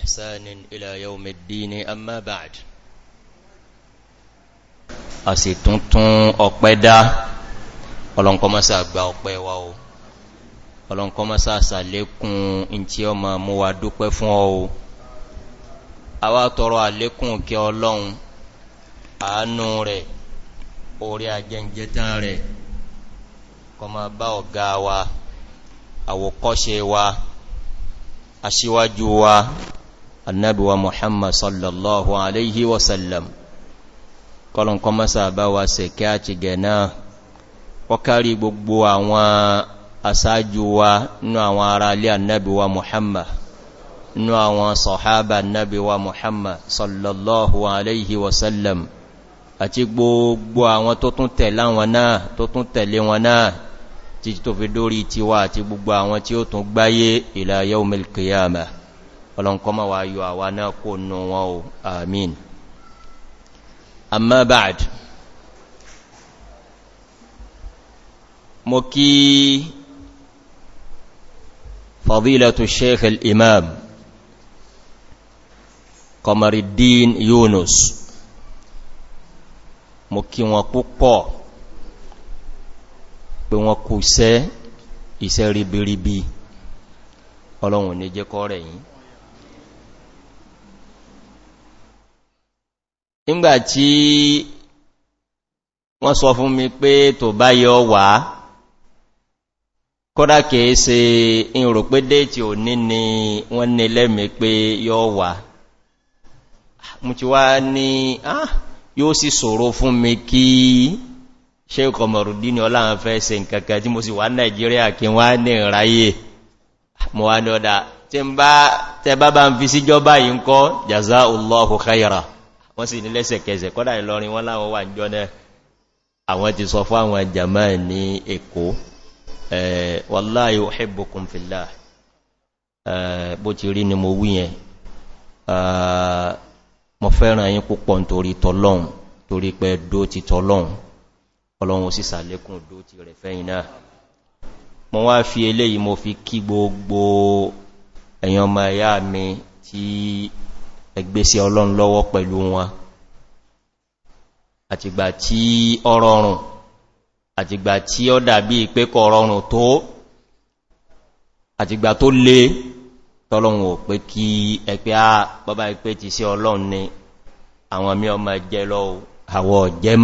بإحسان إلى يوم الدين أما بعد أسي تنتون أقبدا ọlọ́n kọ́ máa sàgbà ọ̀pẹ́ wa o ọlọ́n kọ́ máa sàṣàlékún in tí ọ ma mú wa dúpẹ́ fún ọ o a wá tọrọ àlékún kí ọlọ́run àánú rẹ̀ orí agẹ́ǹjẹ́tán rẹ̀ kọ bá ọ̀gá wa àwòkọ́ṣe wa aṣíwájú wa annabi wa muhammad sallallahu alaihi wasallam kọlọ̀n kọ mọ́sá bá wa se kí a ti gẹ̀ náà ọ kárí gbogbo àwọn asájú wa nú àwọn ará alé annabi wa muhammad nú àwọn sọ̀hábà annabi wa muhammad sallallahu alaihi wasallam àti gbogbo àwọn tó tún tẹ̀lé wọn náà tó tún tẹ̀lé wọn náà títí tó fi dórí tiwa àti gbogbo àwọn tí ó tún gbáyé ìlàyé omil kìyàmà ọlọ́nkọ́mọ́ wa yọ àwa náà kó nù wọn o amin amma ba'd mo kí fadilatu sheikh al-imam Qamaruddin Yunus mo kí wọn púpọ̀ pé wọn kò sẹ́ iṣẹ́ ribiribi ọlọ́run ní jẹ́kọ́ rẹ̀ yìí nígbàtí wọ́n sọ fún mi pé tó bá yọ wà kọ́dá kìí ṣe ìrò pé déètì ò ní ni wọ́n ní lẹ́mí pé yọ wà mú ti wá ní ah yóò sì sòro fún mi kí ṣe kọmọ̀rùdí ni ọláhàn fẹ́ ṣe nkankan tí mo sì wá nàìjíríà kí wá ní ìráyè mọ̀ wá ní ọ̀dá tí ń bá tẹ bá bá ń fi síjọba yìí ń kọ́ jaza allahu khaira wọ́n sì ní lẹ́sẹ̀kẹsẹ̀ kọ́dà ìlọrin wọ́n láwọn wà jọ náà àwọn ti sọ fún àwọn jama ní èkó wallahi uhibbukum fillah bó ti rí mo ti tọ́lọ́un ọlọ́run sì sàlékún dó ti rẹ̀ fẹ́yìn náà mo wá fi eléyìí mo fi kí gbogbo èyàn ma yá mi tí ẹgbẹ́sẹ̀ ọlọ́run lọ́wọ́ pẹ̀lú wọn àtìgbà tí ọrọrùn àtìgbà tí ó dàbí pé kọ ọrọrùn tó àtìgbà tó lé tọ́lọ́run ò pé kí ẹgbẹ́ a bọ́bá ipé ti sí ọlọ́run ni àwọn mí ọmọ jẹ́ lọ àwọ̀ jẹ́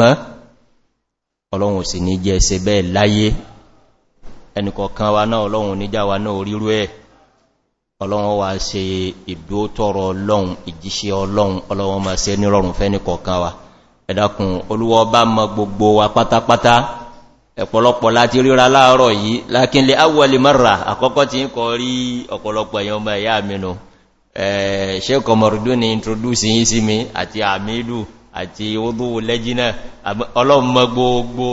ọlọ́wọ́ wa ṣe ìdó tọrọ ọlọ́run ìjíṣẹ́ ọlọ́run ọlọ́wọ́ ma ṣe ní rọrùn fẹ́ ní kọ̀ọ̀kan wa ẹ̀dàkùn olúwọ́ bá mọ gbogbo wa pátápátá ẹ̀pọ̀lọpọ̀ láti ríra láàárọ̀ yìí lákínlẹ̀ awọlì mara àkọ́kọ́ ti ń kọ rí ọ̀pọ̀lọpọ̀ èèyàn ọmọ ẹ̀yà mìnú ṣẹ́kọ̀ mọ̀rùdú ni introduce yìí sí mi àti àmìlù àti odó lẹ́jìnà ọlọ́mọ gbogbo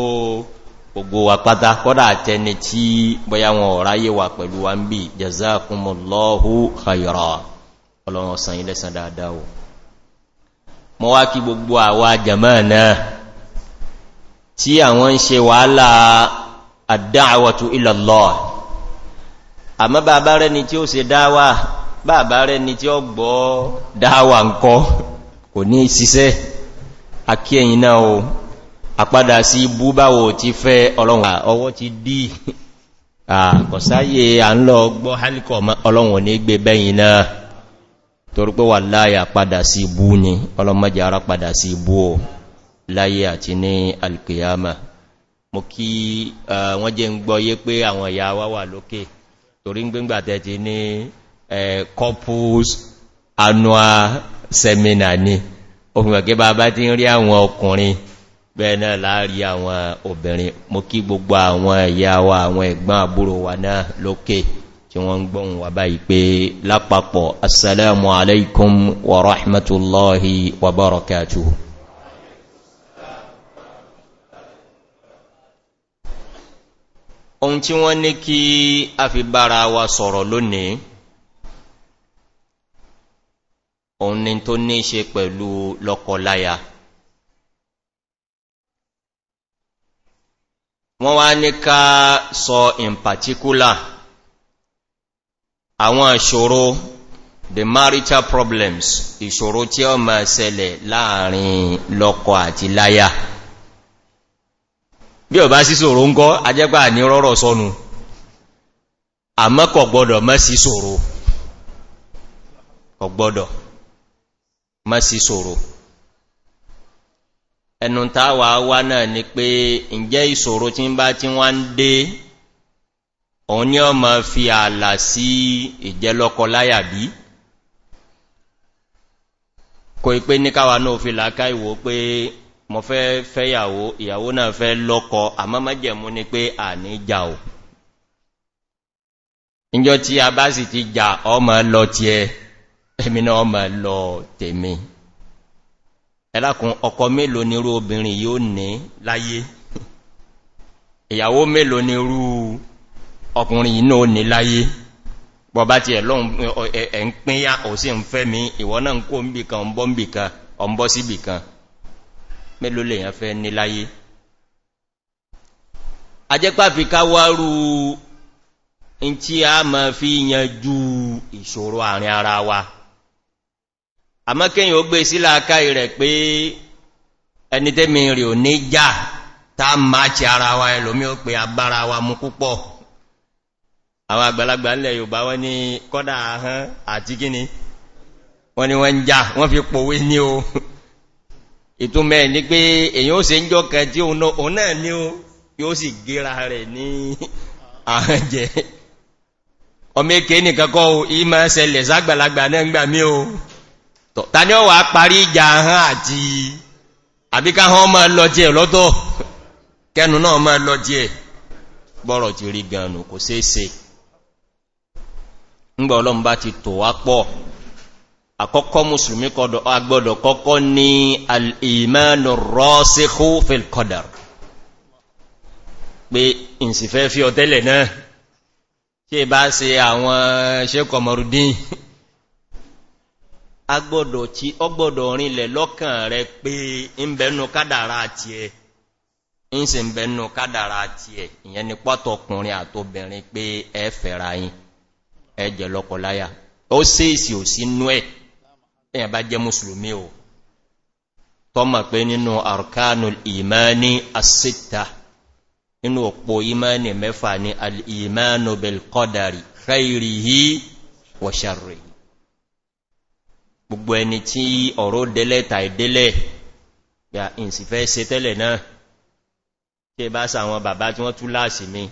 gbogbo wa pátá kọ́dà àtẹni tí bọ́yá wọn ọ̀ráyé wà pẹ̀lú wa ń bí jazakumullahu khayra ọlọ́run ọ̀sán ilẹ̀ sàn dáadáa o mọ́ wá kí gbogbo àwa jama náà tí àwọn ń ṣe wàhálà ad-da'watu àpadà sí ibú báwo ti fẹ́ ọlọ́run ọwọ́ ti dí àkọ̀sáyé à ń lọ gbọ́ hálìkọ̀ ọlọ́run ní gbé bẹ́yìn náà torípé wà láyà padà sí ibú ni ọlọ́mọdé ara padà sí ibú o láyé àti ní alkiyama mo kí wọ́n jẹ́ ń gbọ́ yé pé àwọn ìyá wá wà lókè torí gbígbàtẹ̀ ti ní bẹ́ẹ̀ náà láàrí àwọn obìnrin mo kí gbogbo àwọn ẹ̀yà wa àwọn ẹ̀gbọ́n àbúrò wa náà lókè tí wọ́n ń gbọ́n wà báyìí pé lápapọ̀ assalamu alaikum wa rahmatullahi wa barakatuhu ohun tí wọ́n ní kí a fi bára wa sọ̀rọ̀ lónìí ohun ni tó ní ṣe pẹ̀lú lọ́kọláya wọ́n wá ní ká sọ in particular àwọn ìṣòro the marital problems ìṣòro tí ó ma ṣẹlẹ̀ láàrin lọ́kọ àti láyá bí ọ̀bá sí ṣòro ń gọ́ ajẹ́gbà ní rọ́rọ̀ sọnù àmọ́kọ̀ gbọ́dọ̀ mọ́ sí ṣòro ọ̀gbọ́dọ̀ mọ́ sí ṣòro ẹnu táwà wá náà ni pé ǹjẹ́ ìṣòro tí ń bá tí wọ́n ń dé òun ní ọmọ fi ààlà sí ìjẹ́lọ́kọ láyàbí kò ipé ní káwà náà fi làákà ìwò pé mọ̀ fẹ́ fẹ́yàwó ìyàwó náà fẹ́ lọ́kọ àmọ́mọ́jẹ̀mú ni pé à ní jà ò ìjọ tí a bá sì ti jà ọmọ lọ ti ẹ ẹmìnà ọmọ lọ tèmi ẹlákun ọkọ̀ mélòó nírú obìnrin yóò ní láyé ìyàwó mélòó nírú ọkùnrin iná ò ní láyé bọ̀bá ti ẹ̀lọ́un ẹ̀ ń pínyà ò sí ń fẹ́ mi ìwọ náà ń kó ń bìkan ń bọ́ ń bìkan ọ ń bọ́ sí bìkan mélòó lè yàn fẹ́ ní láyé ajẹ́pàfi káwárú in tí a ma fi yanjú ìṣòro àárín ara wa àmọ́ kíyàn ó gbé sílá aká rẹ̀ pé ẹni tẹ́mi rẹ̀ ò ní já tá máa ti ara wa ẹlòmí ó pé agbára wa mú púpọ̀ àwọn àgbàlagbà ilẹ̀ yorùbá wọ́n ní kọ́dà ahán àti kíni wọ́n ni wọ́n já wọ́n fi pòwé ní o ìtúnmẹ́ ní pé èyàn ó se ń jọ́kẹ tí òun náà ní o yóò sì gíra tàní ọwà parí ìjà ahán àti àbíká hàn máa lọ jẹ́ lọ́tọ́ kẹnu náà máa lọ jẹ́ bọ́rọ̀ ti rí gànù kò séèsè ńgbà ọlọ́mbá ti tò wá pọ̀ àkọ́kọ́ musulmi kọdọ̀ agbọ́dọ̀ kọ́kọ́ ní al'imánu rọ́síkú filkọdar pé agbọ́dọ̀ tí ọ gbọ́dọ̀ rinlẹ̀ lọ́kàn rẹ pé ń bẹnu kádàrà àti ẹ̀ ń sì ń bẹnu kádàrà àti ẹ̀ ìyẹn ni pọ́tọkùnrin àtobìnrin pé ẹ fẹ́ra yìn ẹjẹ̀ lọ́kọláyà ó sí ò sí nú ẹ̀ èyàn bá jẹ́ mùsùlùmí o tọ́mà pé nínú arkanul imani asita nínú òpó imani mẹ́fà ni al-imanu bil qadari khairihi wa sharrihi gbogbo ẹni tí ọ̀rọ̀ délẹ̀ tàì délẹ̀ ya ìsì fẹ́ ṣe tẹ́lẹ̀ náà tí bá sà bàbá tí wọ́n tú láàṣì mi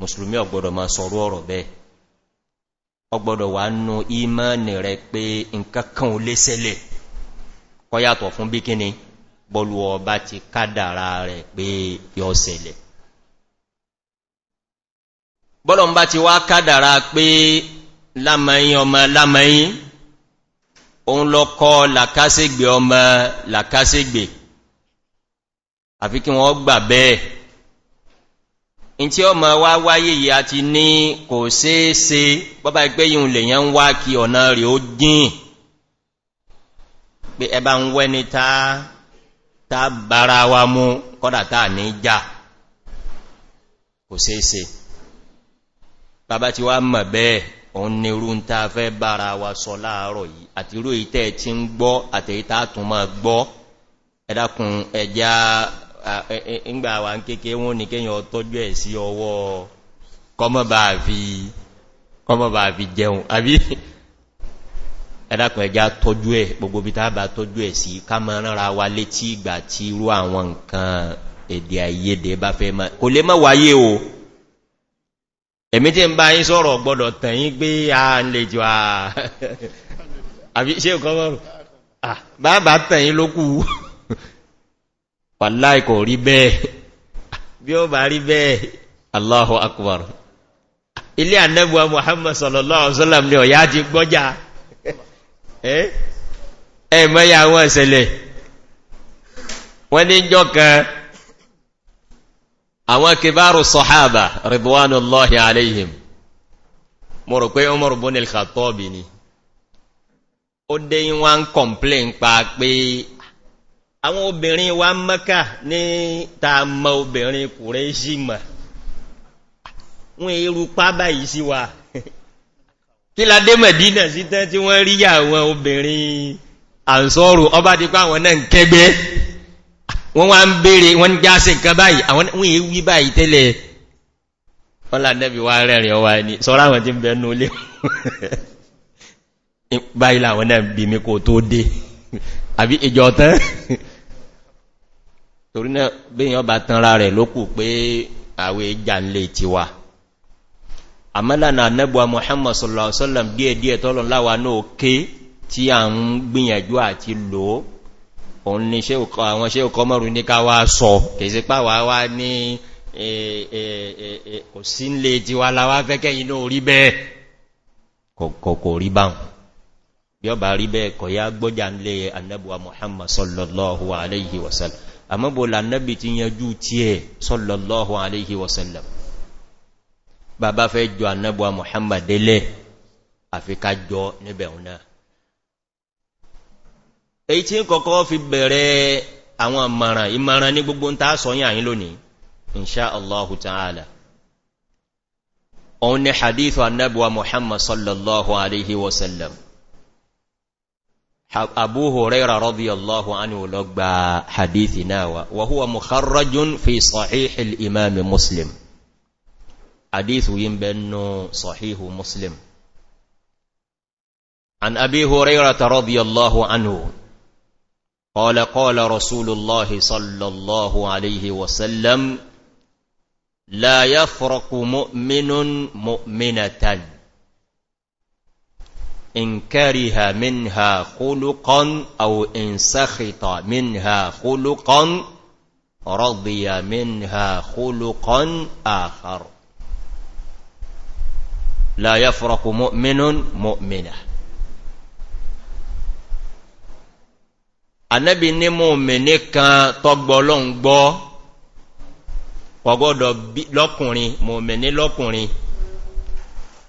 musulmi ọgbọ̀dọ̀ ma sọ̀rọ̀ ọ̀rọ̀ bẹ́ẹ̀ ọgbọ̀dọ̀ wà nú ìmọ́ni rẹ̀ pé nkankan ò lésẹ̀lẹ̀ kọ́yàtọ̀ fún bí kíni bọ́lú ọba ti kádàrà rẹ̀ pé yọ sẹ̀lẹ̀ ti wá kádàrà pé lámàáyín ọmọ lámàáyín òun lọ kọ làkásígbè ọmọ làkásígbè àfi kí wọ́n gbà bẹ́ẹ̀ in tí ọmọ wá wáyé yìí a ti ní kò séése bọ́bá ẹgbẹ́ yìí lèyàn ń wá kí ọ̀nà rẹ̀ ó gín pé ẹba ń wẹ́ni ta bára wa mú kọ́dà táà ní já kò séése bàbá ti wá mọ̀ bẹ́ẹ̀ ọ̀nìrú ń ta fẹ́ bára wa sọ láàárọ̀ yìí àti irú ìtẹ́ tí ń gbọ́ àtẹ̀yítà tún máa gbọ́ ẹ̀dàkùn ẹja ìgbà wa ń kéèké wọ́n ní kéyàn tọ́jú ẹ̀ sí ọwọ́ kọmọ̀bà fi jẹun àbí ẹ̀dàkùn ẹja tọ́jú ẹ̀ gbogbo bí tábà tọ́jú ẹ̀ èmi tí ń bá yín sọ́rọ̀ tẹ̀yìn a ń lè jọ Allahu akbar ilé anẹ́bùwa muhammad sallallahu alaihi ni ọ̀yá ti gbọ́jà wọn ṣẹlẹ̀ wọ́n ní jọ kan àwọn kìbáàrù sọ̀hábà ridwanullahi alayhim mo rò pé Umar ibn al-Khattab ni ó dé wá ń kọ̀mplẹ̀n pa pé àwọn obìnrin wa Mẹ́kà ní ta mọ obìnrin Kùrẹ́ṣì mọ̀ wọ́n irú pábà yìí sí wa kí la dé Mẹ̀dínà sí tán tí wọ́n rí àwọn obìnrin àǹsọ́rù ọba ti pá àwọn náà kẹgbẹ́ wọ́n wá ń bèèrè wọ́n já sí nǹkan báyìí àwọn wí báyìí tẹ́lẹ̀ ọlá nẹ́bí wá rẹ̀rìn ọwà ní sọ́rọ̀ àwọn tí ń bẹ̀ ní olé báyìí láwọn náà bí mi kò tó dé àbí ìjọ tán torí náà bíyàn bá tanra rẹ̀ lókù pé àwẹ̀ ìjà ń lè ti wà àmọ́lànà nẹ́bùwa mohamed sallallahu díẹ̀díẹ̀ tọ́lọ láwa náà ké tí à ń gbìyànjú àti lòó òun ni àwọn ṣe òkọ mọ́rún ní ká wá sọ kèsí pàwà wá ní kò sí lè ti wá láwá fẹ́kẹ́ inú orí bẹ́ẹ̀ kò rí báhùn bí ọba rí bẹ́ẹ̀ kọ̀ yá gbọ́jà ń annabuwa muhammad sallallahu alaihi wasallam àmọ́bò lànàbì ti yanjú tí ẹ sallallahu alaihi wasallam bàbá fẹ́ jọ muhammad délẹ̀ àfikà jọ níbẹ̀ èyí tí kọ̀kọ́ fi bẹ̀rẹ̀ àwọn ìmọ̀ràn ìmọ̀ràn ní gbogbo ń ta sọ́yìn àyín lónìí inṣá allahu ta'ala òun ni hadithu annabuwa muhammad sallallahu alaihi wasallam abu huraira radiyallahu anhu lọ gba hadithi náà wa wa huwa mukharrajun fi sahihi al-imam muslim hadithu yin bennu sahihu muslim an abi hurairata radiyallahu anhu قال قال رسول الله صلى الله عليه وسلم لا يفرق مؤمن مؤمنة إن كره منها خلقا أو إن سخط منها خلقا رضي منها خلقا آخر لا يفرق مؤمن مؤمنه anẹ́bì ní mọ́mìnì kan tọ́gbọ́ lọ́n gbọ́ kọgbọ́dọ̀ lọ́kùnrin mọ́mìnì lọ́kùnrin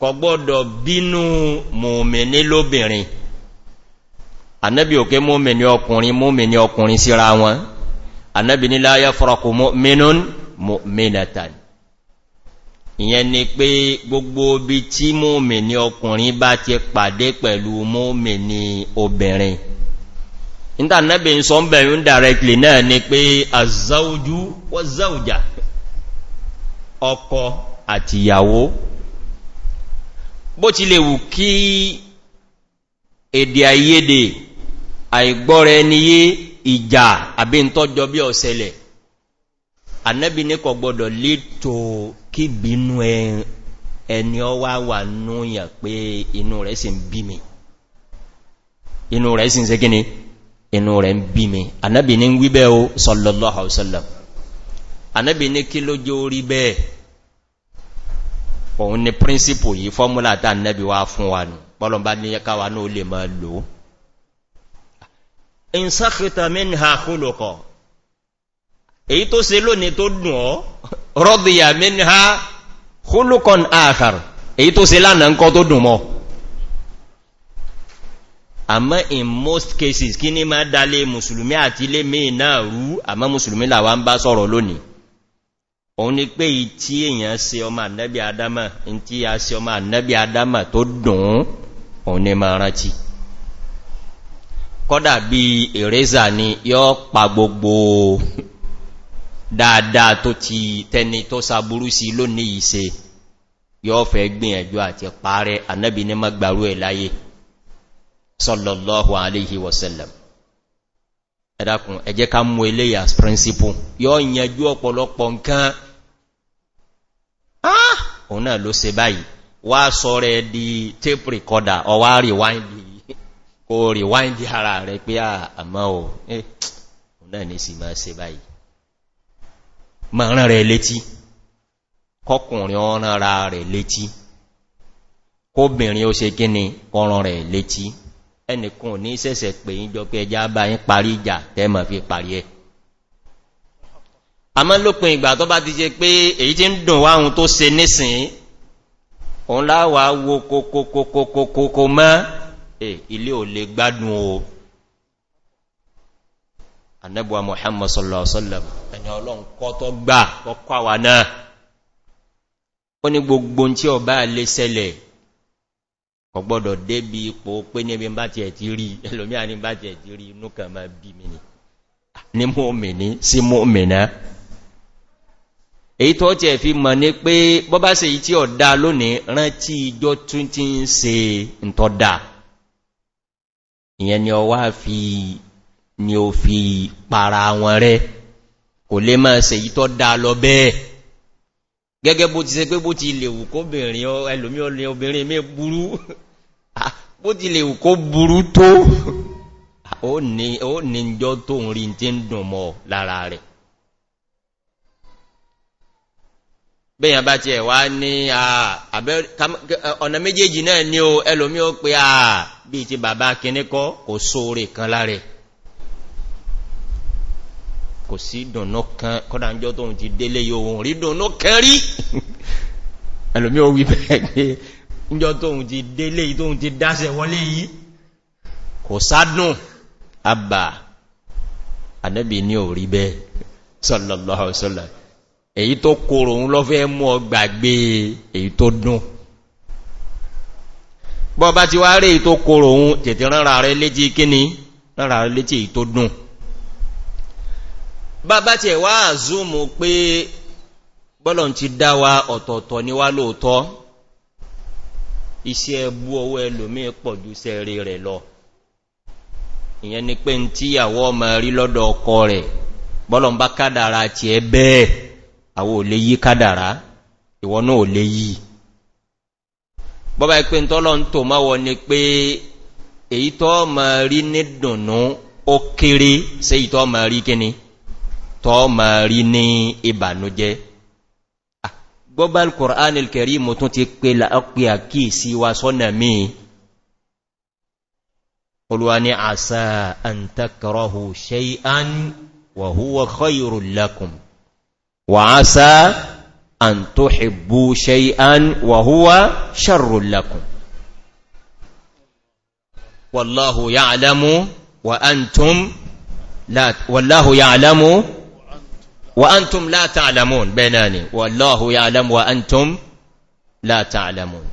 kọgbọ́dọ̀ bínú mọ́mìnì lóbìnrin anẹ́bì òkè mọ́mìnì ọkùnrin mọ́mìnì ọkùnrin síra wọn anẹ́bì ní láyé fọ́rọkù mọ́mìnún mọ́mìnàtàn ìyẹn ni pé gbogbo bí tí mọ́mìnì ọkùnrin bá ti pàdé pẹ̀lú mọ́mìnì obìnrin níta nẹ́bí ń sọ ń bẹ̀rẹ̀ ń náà ni pé àzáójú ọkọ àtìyàwó bó ti lè wù kí èdè àìyédè àìgbọ́rẹ̀ níyé ìjà àbí ń tọ́jọ bí ọ̀sẹ̀lẹ̀ anẹ́bí ní kọ kí bínú ẹni wà pé inú rẹ̀ sì ń bí mi inú rẹ̀ ń bí mi anábì ní wíbẹ́ o sallallahu alaihi wasallam anábì ní kí ló jẹ́ orí bẹ́ẹ̀ òun ni príncipù yìí fọ́múlà tà anábì wá fún wa nù pọ́lọ̀ bá ní káwà ní ó lè máa lò ó in sakhita minha khuluqa èyí tó se lónìí tó dùn ọ́ radiya minha khuluqan akhar èyí tó se lánàá nǹkan tó dùn mọ́ àmọ́ in most cases kí ní máa dálé musulmi àti ilé mìí náà rú àmọ́ musulmi làwà ń bá sọ̀rọ̀ lónìí òun ni pé tí èyàn se ọmọ ànẹ́bí adama in tí a se ọmọ ànẹ́bí adama tó dùn òun ni máa rántí kọ́dà bí ìrẹ́zà ni yọ́ pa gbogbo dáadáa tó ti tẹni tó sàbúrú sí lónìí ìse yọ́ fẹ́ gbìyànjú àti parẹ́ ànẹ́bí ní má gbàrú ẹ̀ láyé sallallahu alaihi wasallam ẹ̀dàkùn ẹjẹ́ ká mú ilé as principle yọ́ ìyànjú ọ̀pọ̀lọpọ̀ nǹkan ah òun náà ló se báyìí wá sọ rẹ̀ di tape recorder ọwá rewindi kò rewindi ara rẹ̀ pé àmọ́ o eh òun náà ní sì máa se báyìí ma rán rẹ̀ létí kọkùnrin ọ̀rán rẹ̀ létí kóbìnrin ó se gíní ọ̀rán rẹ̀ létí ẹnìkan ní sẹ́sẹ̀ pè yí jọ pé ẹjá bá yín parí ìjà tẹ́mọ̀ fi parí ẹ̀ a mọ́ lópin ìgbà tó bá ti ṣe pé èyí tí ń dùn wáhun tó se nísìn òun láwà wo kòkòkòkòkò mọ́ ilé ò lè gbádùn o anẹ́bùwa mohamed sallallahu ala'uwa ẹni ọlọ́run kọ́ tó gbà kọ́kọ́ àwà náà ó ní ọgbọ́dọ̀ débi ipò pé ní ẹbí ń bá ti ẹ̀ ti rí ẹlòmíà ní bá ti ẹ̀ ti rí inú kan máa bí mi ni ní mọ́mìní sí mọ́mìná èyí tó tẹ̀ fi mọ̀ ní pé bọ́bá se yí tí ọ dá lónìí rántí ìjọ tún ti ń se ǹtọ́dá ìyẹn ni ọwá fi ni ó fi para wọn rẹ kò lè máa se yí tọ́ dá lọ bẹ́ẹ̀ gẹ́gẹ́ bó ti se pé bó ti lè wù kóbìnrin ẹlòmí obìnrin mẹ́ burú bó ti lè kó burú tó ó ní jọ tó ń rí tí ń dùn mọ́ lára rẹ̀ bẹ́yàn bá ti ẹ̀wà ní ọ̀nà méjèèjì náà ní o ẹlòmí ó pé àà bí ti bàbá kìníkọ́ kò sóòrè kan lára kò sí dùnnú kan kọ́dá jọ tó ń ti délé yóò rí dùnnú kan rí ẹlòmí ó wí níjọ tóhun ti délé tóhun ti dáṣẹ wọlé yìí kò sádùn àbà ànẹ́bì ní orí bẹ́ sọ́lọ̀lọ́sọ́lọ̀ èyí tó kòrò òun lọ fẹ́ mú ọgbàgbé èyí tó dùn bọ́ bá ti wá rí èyí tó kòrò òun tètè ránra rẹ létí kíní ránra rẹ létí èyí tó dùn bàbá tẹ̀ wá àzúmù pé bọ́lọ̀ ti dá ọ̀tọ̀ọ̀tọ̀ ni wá lóòtọ́ iṣẹ́ ẹbú ọwọ́ ẹlòmí pọ̀jú sẹ́rẹ̀ rẹ̀ lọ ìyẹn ni pé tí ìyàwó ọmọ rí lọ́dọ̀ ọkọ rẹ̀ bọ́lọ̀ ń bá kádàrà ti ẹ bẹ́ẹ̀ àwọ ò lè yí kádàrà ìwọ náà ò lè yí bọ́bá ipé tọ́lọ ń tò máwọ ni pé èyí tọ́ ọmọ rí ní dùnnú ó kéré sí ìtọ́ ọmọ rí kíni tọ́ ọmọ rí ní ìbànújẹ́ gbọ́bá al-qur'an al-karim mo tún ti pé láàpẹ́ àkíyèsí wa sọ́nà míì olúwa ní àṣà àntàkọrọhù ṣe'án wàhúwà kọ́yìrù lakum wà áṣà àntòhìbú ṣe'án wàhúwà ṣarrù lakum wallahu ya'lamu wa antum wa antum la ta'lamun benani wallahu ya'lam wa antum la ta'lamun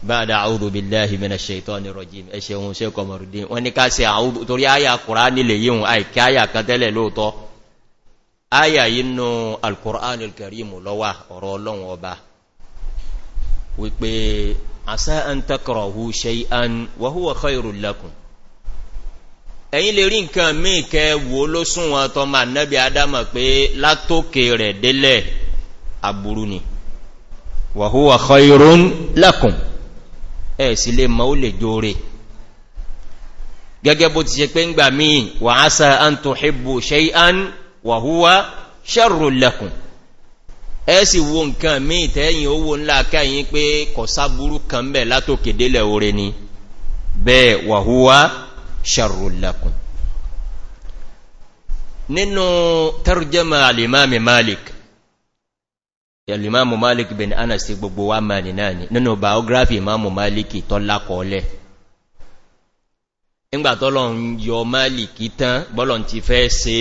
ba'da a'udhu billahi minash shaitani rajim ẹ ṣé wọ́n ṣe komarudin wọ́n ní ká ṣe a'udhu torí aya qur'ani le yiun ai ka aya kan tẹ́lẹ̀ lóòtọ́ aya yinu alqur'anul karim ló wà ọ̀rọ̀ Ọlọ́hun Ọba wí pé asa an takrahu shay'an wa huwa khairul lakum ẹ̀yìn lè rí nǹkan míì kẹ wo ló súnwọn tọmọ ànẹ́bí adámọ̀ pé látókè rẹ̀ délẹ̀ àbúrú ni wàhúwà kọ irun lẹ́kùn ẹ̀ sí lè mọ́ ó lè jóore gẹ́gẹ́ bó ti ṣe pé ń gbà míì wà á sa án tó hìbò ṣe án wàhúwà ṣẹ́rù lẹ́kùn ẹ sì wo nǹkan míì tẹ́yìn owó ńlá kẹ́yìn pé kọ̀sáburú kan bẹ̀ látókè délẹ̀ oore ni bẹ́ẹ̀ wàhúwà sharrun lakum nínú tarjama alìmáàmì malik alìmáàmù malik bin anas ti gbogbo wa ma nìna ni nínú biography imáàmù maliki tọ́lá kọọlẹ̀ ìgbàtọ́lọ̀ ń yọ maliki tán bọ́lọ̀ ti fẹ́ se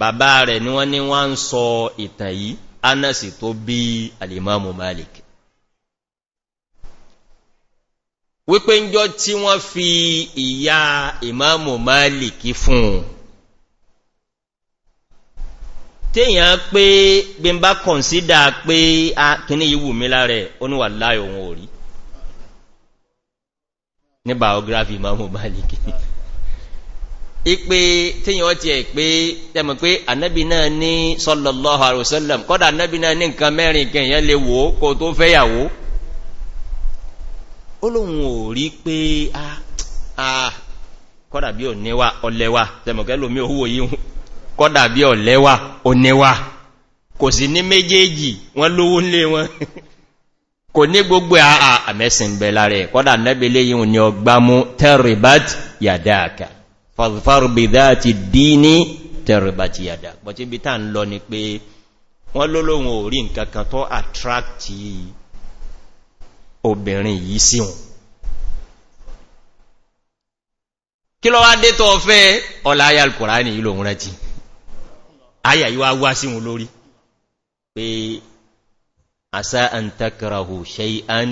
bàbá rẹ̀ ni wọ́n ni wọ́n ń sọ ìtàn yìí anas tó bí wípé ń jọ tí wọ́n fi ìyá ìmáàmù máàlìkì fún un téèyàn pé bí n bá kọ̀nsídà pé a kìíní ìwù mi lára oníwà láì ohun orí ní biography ìmáàmù máàlìkì ipe tíyàn ti ẹ̀ pé tẹ́mọ̀ pé annabi náà ní sọ́lọ̀lọ́ àrùsọ́lọ̀m kọ́dà annabi náà ní nǹkan mẹ́rin kẹ̀yàn lè wò kò tó fẹ́yàwó ó lóun ò rí pé ah, ah, kọ́dà bí ọ̀nẹ́wà ọlẹ́wà tẹmọ̀kẹ́ lómi owó yíò kọ́dà bí ọ̀lẹ́wà ọ̀nẹ́wà kò sí ní méjèèjì wọ́n lówó lé wọn kò ní gbogbo àà ah, àmẹ́sìn bẹ̀lá rẹ̀ kọ́dà nẹ́bẹ̀lẹ́ yíò ní ọgbá mú tẹ́rìbát yàdáàkà fàfàrbìdá ti dí ní tẹ́rìbát yàdá obìnrin yìí sí wọn kí lọ wá dé tọ́ fẹ́ ọlá ayà alkùnrin yìí lòun rántí ayà yíwá wá sí wọn lórí pé àṣà àntakarahu ṣe án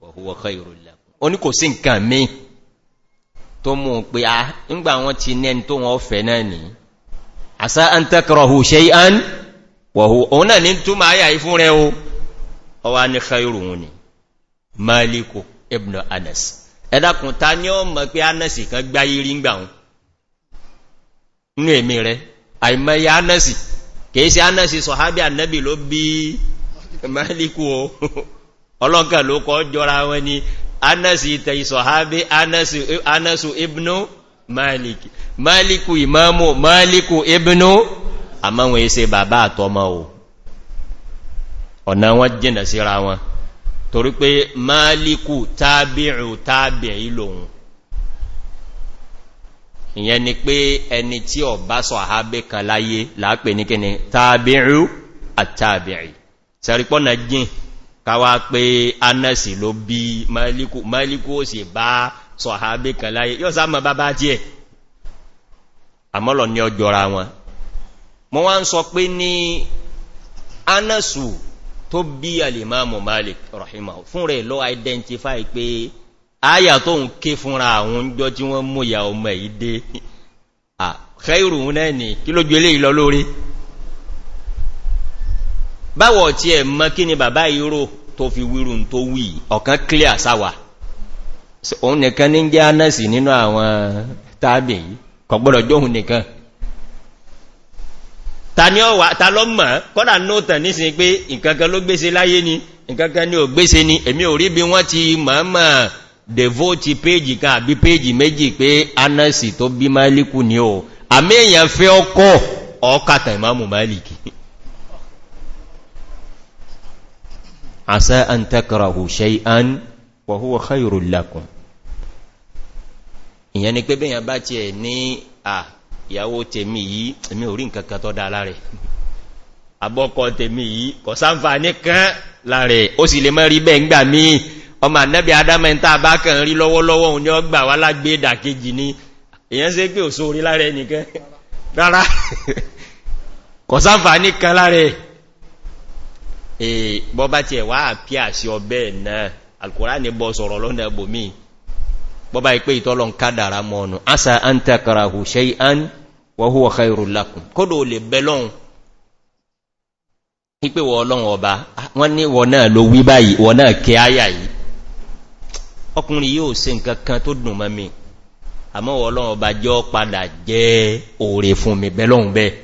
wọ̀húwọ̀kọ́ ìrọ̀lá oní kò sí nǹkan mí tó mú pé a ah, ńgbà wọn ti nẹ́ni tó wọn ọ̀fẹ́ náà ní àṣà àntakarahu ṣe án wọ̀húwọ̀kọ́ ìrọ̀lá maliku ibn anas ẹ̀dàkùn ta ní ọ mọ̀ pé anas kan gbáyé rí ń gbà wọn nínú èmì rẹ̀ àìmọ̀yà anas kìí sí anas sọ̀hábí annabi ló bí maliku o ọlọ́nkà ló kọ́ jọra wọn ni anas tẹ̀yí sọ̀hábí anas ibn malik maliku imamu maliku ibn àmọ́ wọn èsè bàbá àtọmọ o ọ̀nà wọn jìnà síra wọn torí pé máàlìkù tábìrù tábìrì lòun ìyẹn ni pé ẹni tí ọ bá sọ àhábé kan láyé láàpẹ ní kíni tábìrù àtàbìrì sẹ́rípọ́nà jìn káwà pé anẹ́sì ló bí máàlìkù máàlìkù ó sì bá sọ àhábé kan láyé yóò sáàmà bá bá díẹ̀ àmọ́lọ̀ ní tó bí alìmáàmù malik rahimahu fún rẹ̀ lọ identify pé áyà tó ń ké fúnra àwọn jọ tí wọ́n mú ya ọmọ ìdé àkẹ́rù náà ni kí ló gbélé ìlọ lórí báwọ̀ tí ẹ̀ mọ́ kí ni bàbá ìró tó fi wírù tó wì ọ̀kan clear sáwà òun nìkan ní jẹ́ anẹ́sì nínú àwọn tábì kọ̀gbọ́dọ̀ jóhun nìkan ta ni ọwà ta lọ mọ̀ kọ́dà pé ìkankan ló gbése láyé ni ìkankan ni ò gbése ni èmi ò rí bí wọ́n ti mọ̀ọ́mọ̀ devoti péjì ká àbí péjì méjì pé anasi tó bí máìlìkù ni o àmì èèyàn fẹ́ ọkọ̀ ọkàtà ìmáàmù máìlìkì ìyẹn ni pé bí èèyàn bá ti ẹ̀ ní à ìyàwó tèmi yìí èmi ò rí nǹkan kan tọ́ dáa láre abọ́kọ tèmi yìí kọ̀ sáǹfà ní kan láre ó sì lè mọ́ rí bẹ́ẹ̀ ńgbà míì ọmọ ànẹ́bí adámẹ́ntà bá kàn rí lọ́wọ́lọ́wọ́ òun ni ó gbà wá lágbé ìdàkejì ni ní kan lára ẹ̀ bọ́bá ti ẹ̀wà àpí àṣẹ ọbẹ̀ náà alkùnrà ní bọ́ bọ́bá ipé ìtọ́lọ̀n kádàrà mọ́ọ̀nù asà an takarahu shay'an wa huwa khairul lakum kódò lè bẹ́lọ́un ipé wọ ọlọ́run ọba wọ́n ní wọ náà ló wí báyìí wọ náà kí áyà yìí ọkùnrin yóò se nkankan tó dùn mọ́mí àmọ́ wọ ọlọ́run ọba jọ padà jẹ́ òòrè fún mi bẹ́lọ́un bẹ́ẹ̀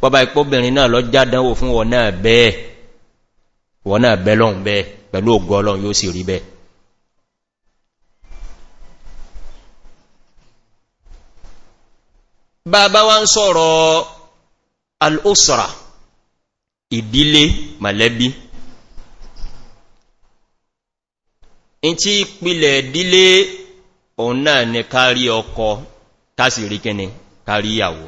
bọ́bá ipóbìnrin náà lọ jádánwò fún wọ náà bẹ́ẹ̀ pẹ̀lú ògbọ́ ọlọ́run yóò sì rí bẹ́ẹ̀ bàbá wá ń sọ̀rọ̀ al'usra ìdílé mọ̀lẹ́bí in tí pílẹ̀ ìdílé òun náà ni kárí ọkọ kásì rí kíni kárí ìyàwó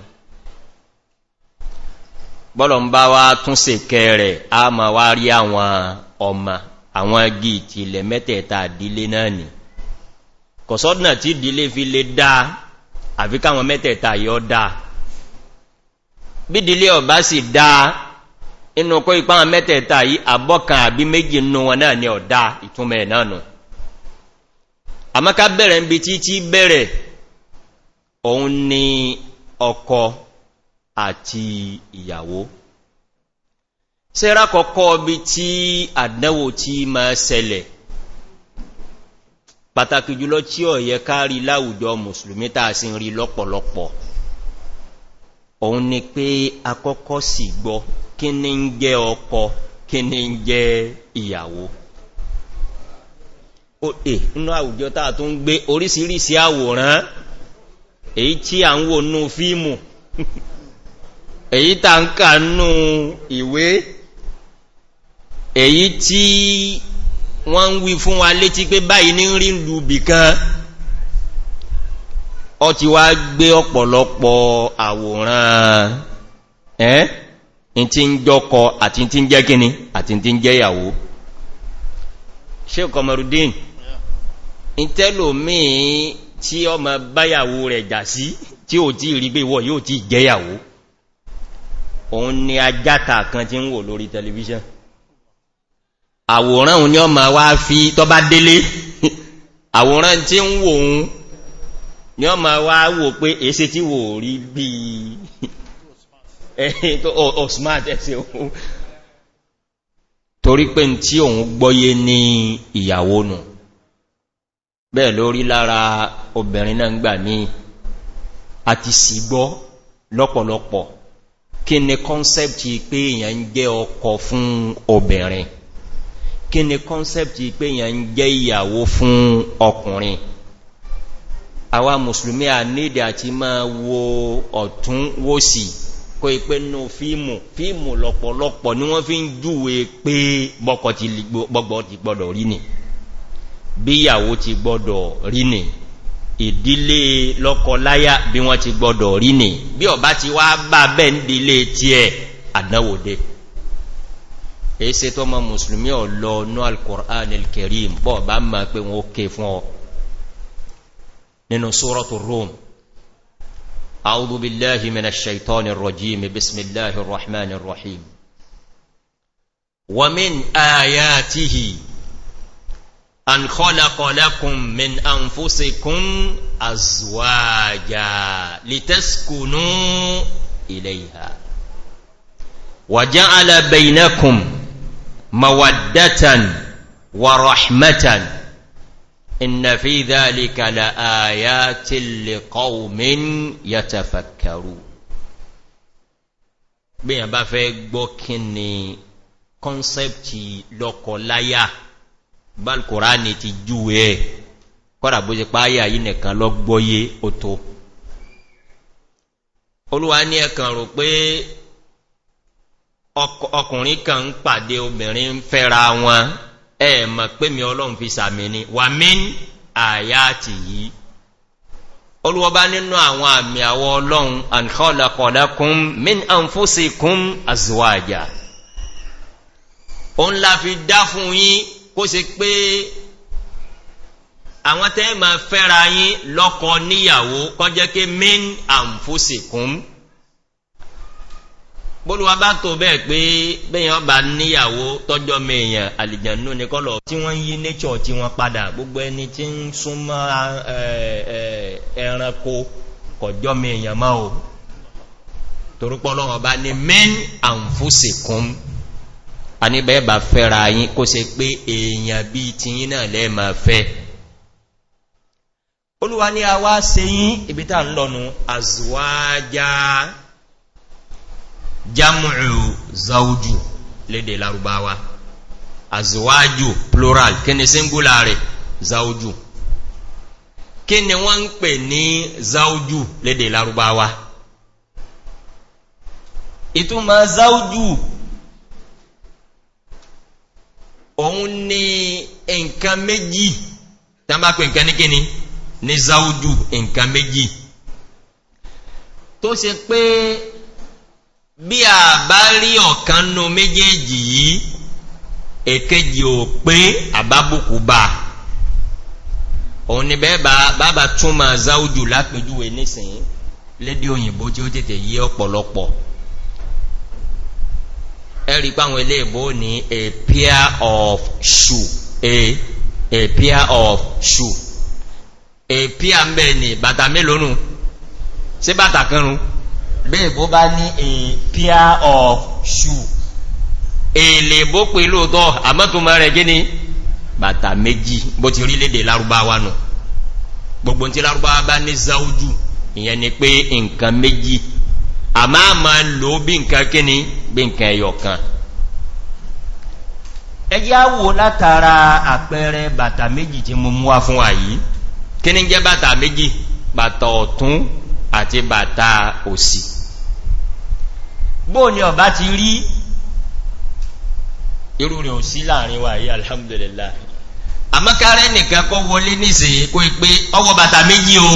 bọ́lọ̀ ń bá wá tún se kẹrẹ a ma wá rí àwọn ọmọ àwọn igi ìtìlẹ̀ mẹ́tẹ̀ẹ̀ta ìdílé náà ni kọ̀sọ́dínà tí ìdílé fi lè dáa àfi káwọn mẹ́tẹ̀ẹ̀ta yọ dáa bídílé ọ̀bá sì dáa inú kó ipá àwọn mẹ́tẹ̀ẹ̀ta yìí àbọ́kan àbí méjì nú wọn náà ni ọ̀dá ìtúnmẹ̀ náà nù àmọ́ká bẹ̀rẹ̀ ń bi títí bẹ̀rẹ̀ òun ni ọkọ àti ìyàwó sẹ́rákọ̀ọ́kọ́ bí tí àdánwò tí máa ṣẹlẹ̀ pàtàkì jùlọ tí ó yẹ kárí láwùjọ mùsùlùmí tàà sí rí lọ́pọ̀lọpọ̀ òun ni pé akọ́kọ́ sì gbọ́ kí ní ń jẹ́ ọkọ kí ní ń jẹ́ ìyàwó ó è inú àwùjọ tàà tó ń gbé orísìírísìí àwòrán èyí tí à ń wò nú fíìmù èyí tàà ń kà nú ìwé èyí tí wọ́n ń wí fún wa létí pé báyìí ní rí lù bìkan ọ ti wá gbé ọ̀pọ̀lọpọ̀ àwòrán ẹ́ tí ń jọkọ àti tí ń jẹ́ kíni àti tí ń jẹ́ ìyàwó ṣe kọmọrùdín ìtẹ́lò míì tí ọmọ báyàwó rẹ̀ jà sí tí ò tí rí pé yóò tí jẹ́yàwó òun ni ajáta kan ti ń wò lórí tẹlifíṣàn àwòrán òun ni ọ ma wá fi tọ́ bá délé àwòrán tí ń wò òun ni ọ ma wá wò pé èsẹ tí wò rí bí i osmart ẹsẹ òun torí pé tí òun gbọ́yé ní ìyàwó nù bẹ́ẹ̀ lórí lára obìnrin náà gbà ní àti sì gbọ́ lọ́pọ̀lọpọ̀ kí ni kọ́nsẹ́pì pé èyàn jẹ́ ọkọ̀ fún obìnrin kí ni concept pé yàn ń jẹ́ ìyàwó fún ọkùnrin àwa mùsùlùmí à nídì àti máa wo ọ̀tún wó sí kó ipé nù fíìmù fíìmù lọ̀pọ̀lọpọ̀ ni wọ́n fi ń júwe pé bọ́kọ̀ ti gbọ́dọ̀ rí ni bíyàwó ti gbọ́dọ̀ rí ni ìdílé lọ́kọláyá bí wọ́n ti gbọ́dọ̀ rí ni bí ọ̀bá ti wá bá bẹ́ẹ̀ ń dílé tí ẹ̀ àdánwòdé èése tó mọ́ musulmi ọ̀lọ́ ní alkùnrin alkarim bọ́ bá ma pé wọn ó ké fún ọ nínú sórọ̀tù rome أعوذ بالله من الشيطان الرجيم بسم الله الرحمن الرحيم ومن آياته أن خلق لكم من أنفسكم أزواجا لتسكنوا إليها وجعل بينكم mawaddatan wa rahmatan inna fi dhalika la ayatin liqaumin yatafakkaru bí yàn bá fẹ́ gbọ́ kí ni kọ́nsẹ́pti lọ́kọ̀láyà balkùránì ti júwẹ́ ẹ̀ kọ́dà bó ṣe páyà yìí nìkan lọ gbọ́yé ó tó olúwa ní ẹ̀kan rò pé ọkùnrin kan ń pàdé obìnrin ń fẹ́ra wọn ẹ mọ̀ pé mi ọlọ́run fi sàmì ni wà mí àyà ti yìí olúwọba nínú àwọn àmì àwọ ọlọ́run àǹkọ́lọ̀kọ̀lọ́kún min àǹfóṣekún àzùwàjà òun la fi dá fún yín kó se pé àwọn tẹ́ ma fẹ́ra yín lọ́kọ níyàwó kọjẹ́ pé min àǹfóṣekún àzùwàjà bólúwa bá tó bẹ́ẹ̀ pé bẹ́yàn bá níyàwó tọ́jọ́ mẹ́yàn àlìjànú ní kọ́lọ̀ tí wọ́n yí nature tí wọ́n padà gbogbo ẹni tí ń súnmọ́ ẹranko kọjọ́ mẹ́yàn máa o torúpọ̀ lọ́wọ́ bá ní men and fusikun a ní bẹ́ẹ̀ bá fẹ́ra yín kó se pé èèyàn bí ti yín náà lẹ́ máa fẹ́ olúwa ní a wá se yín ibi tá ń lọ́nu àzùwájá jamu'u zawju lédè larubawa azuwaju plural kí ni singular rẹ̀ zawju pe ni wọ́n ń pè ní zawju lédè larubawa ìtumọ̀ zawju òun ni nǹkan méjì tán bá pè nǹkan ní kíni ní zawju nǹkan méjì tó ṣe pé bí a bá rí ọ̀kan nú méjèèjì yìí èkejì ò pé àbábùkù bá òun ni bẹ́ẹ̀ bàbá túnmà záújù lápẹjúwe nísìn lédí òyìnbó tí ó tètè yí ọ̀pọ̀lọpọ̀ ẹ̀rí páwọn ilé ìbò ní a pair of shoe a, a pair of shoe a pair ń ni bàtà mélòó nù sí bàtà kanrùn bẹ́ẹ̀ bó bá ní a pair of shoe èlè bó pè lóòtọ́ àmọ́tùmọ́ rẹ̀ gí ni bàtà méjì bó ti rí lédè lárúbáwá nù gbogbo tí lárúbáwá bá ní záójú ìyẹn ni pé nǹkan méjì a máa ma lò bí nǹkan kíni bí nǹkan ẹyọkan ẹjá wo látara àpẹẹrẹ bàtà méjì tí mo mú wá fún wa kí ní jẹ́ bàtà méjì bàtà ọ̀tún àti bàtà òsì bóò ni ọ̀bá ti rí irú rẹ̀ ò láàrin wa yìí alhamdulillah àmọ́kárẹ́ nìkan kọ́ wọlé nísìnyí kó pé ọwọ́ bàtà méjì o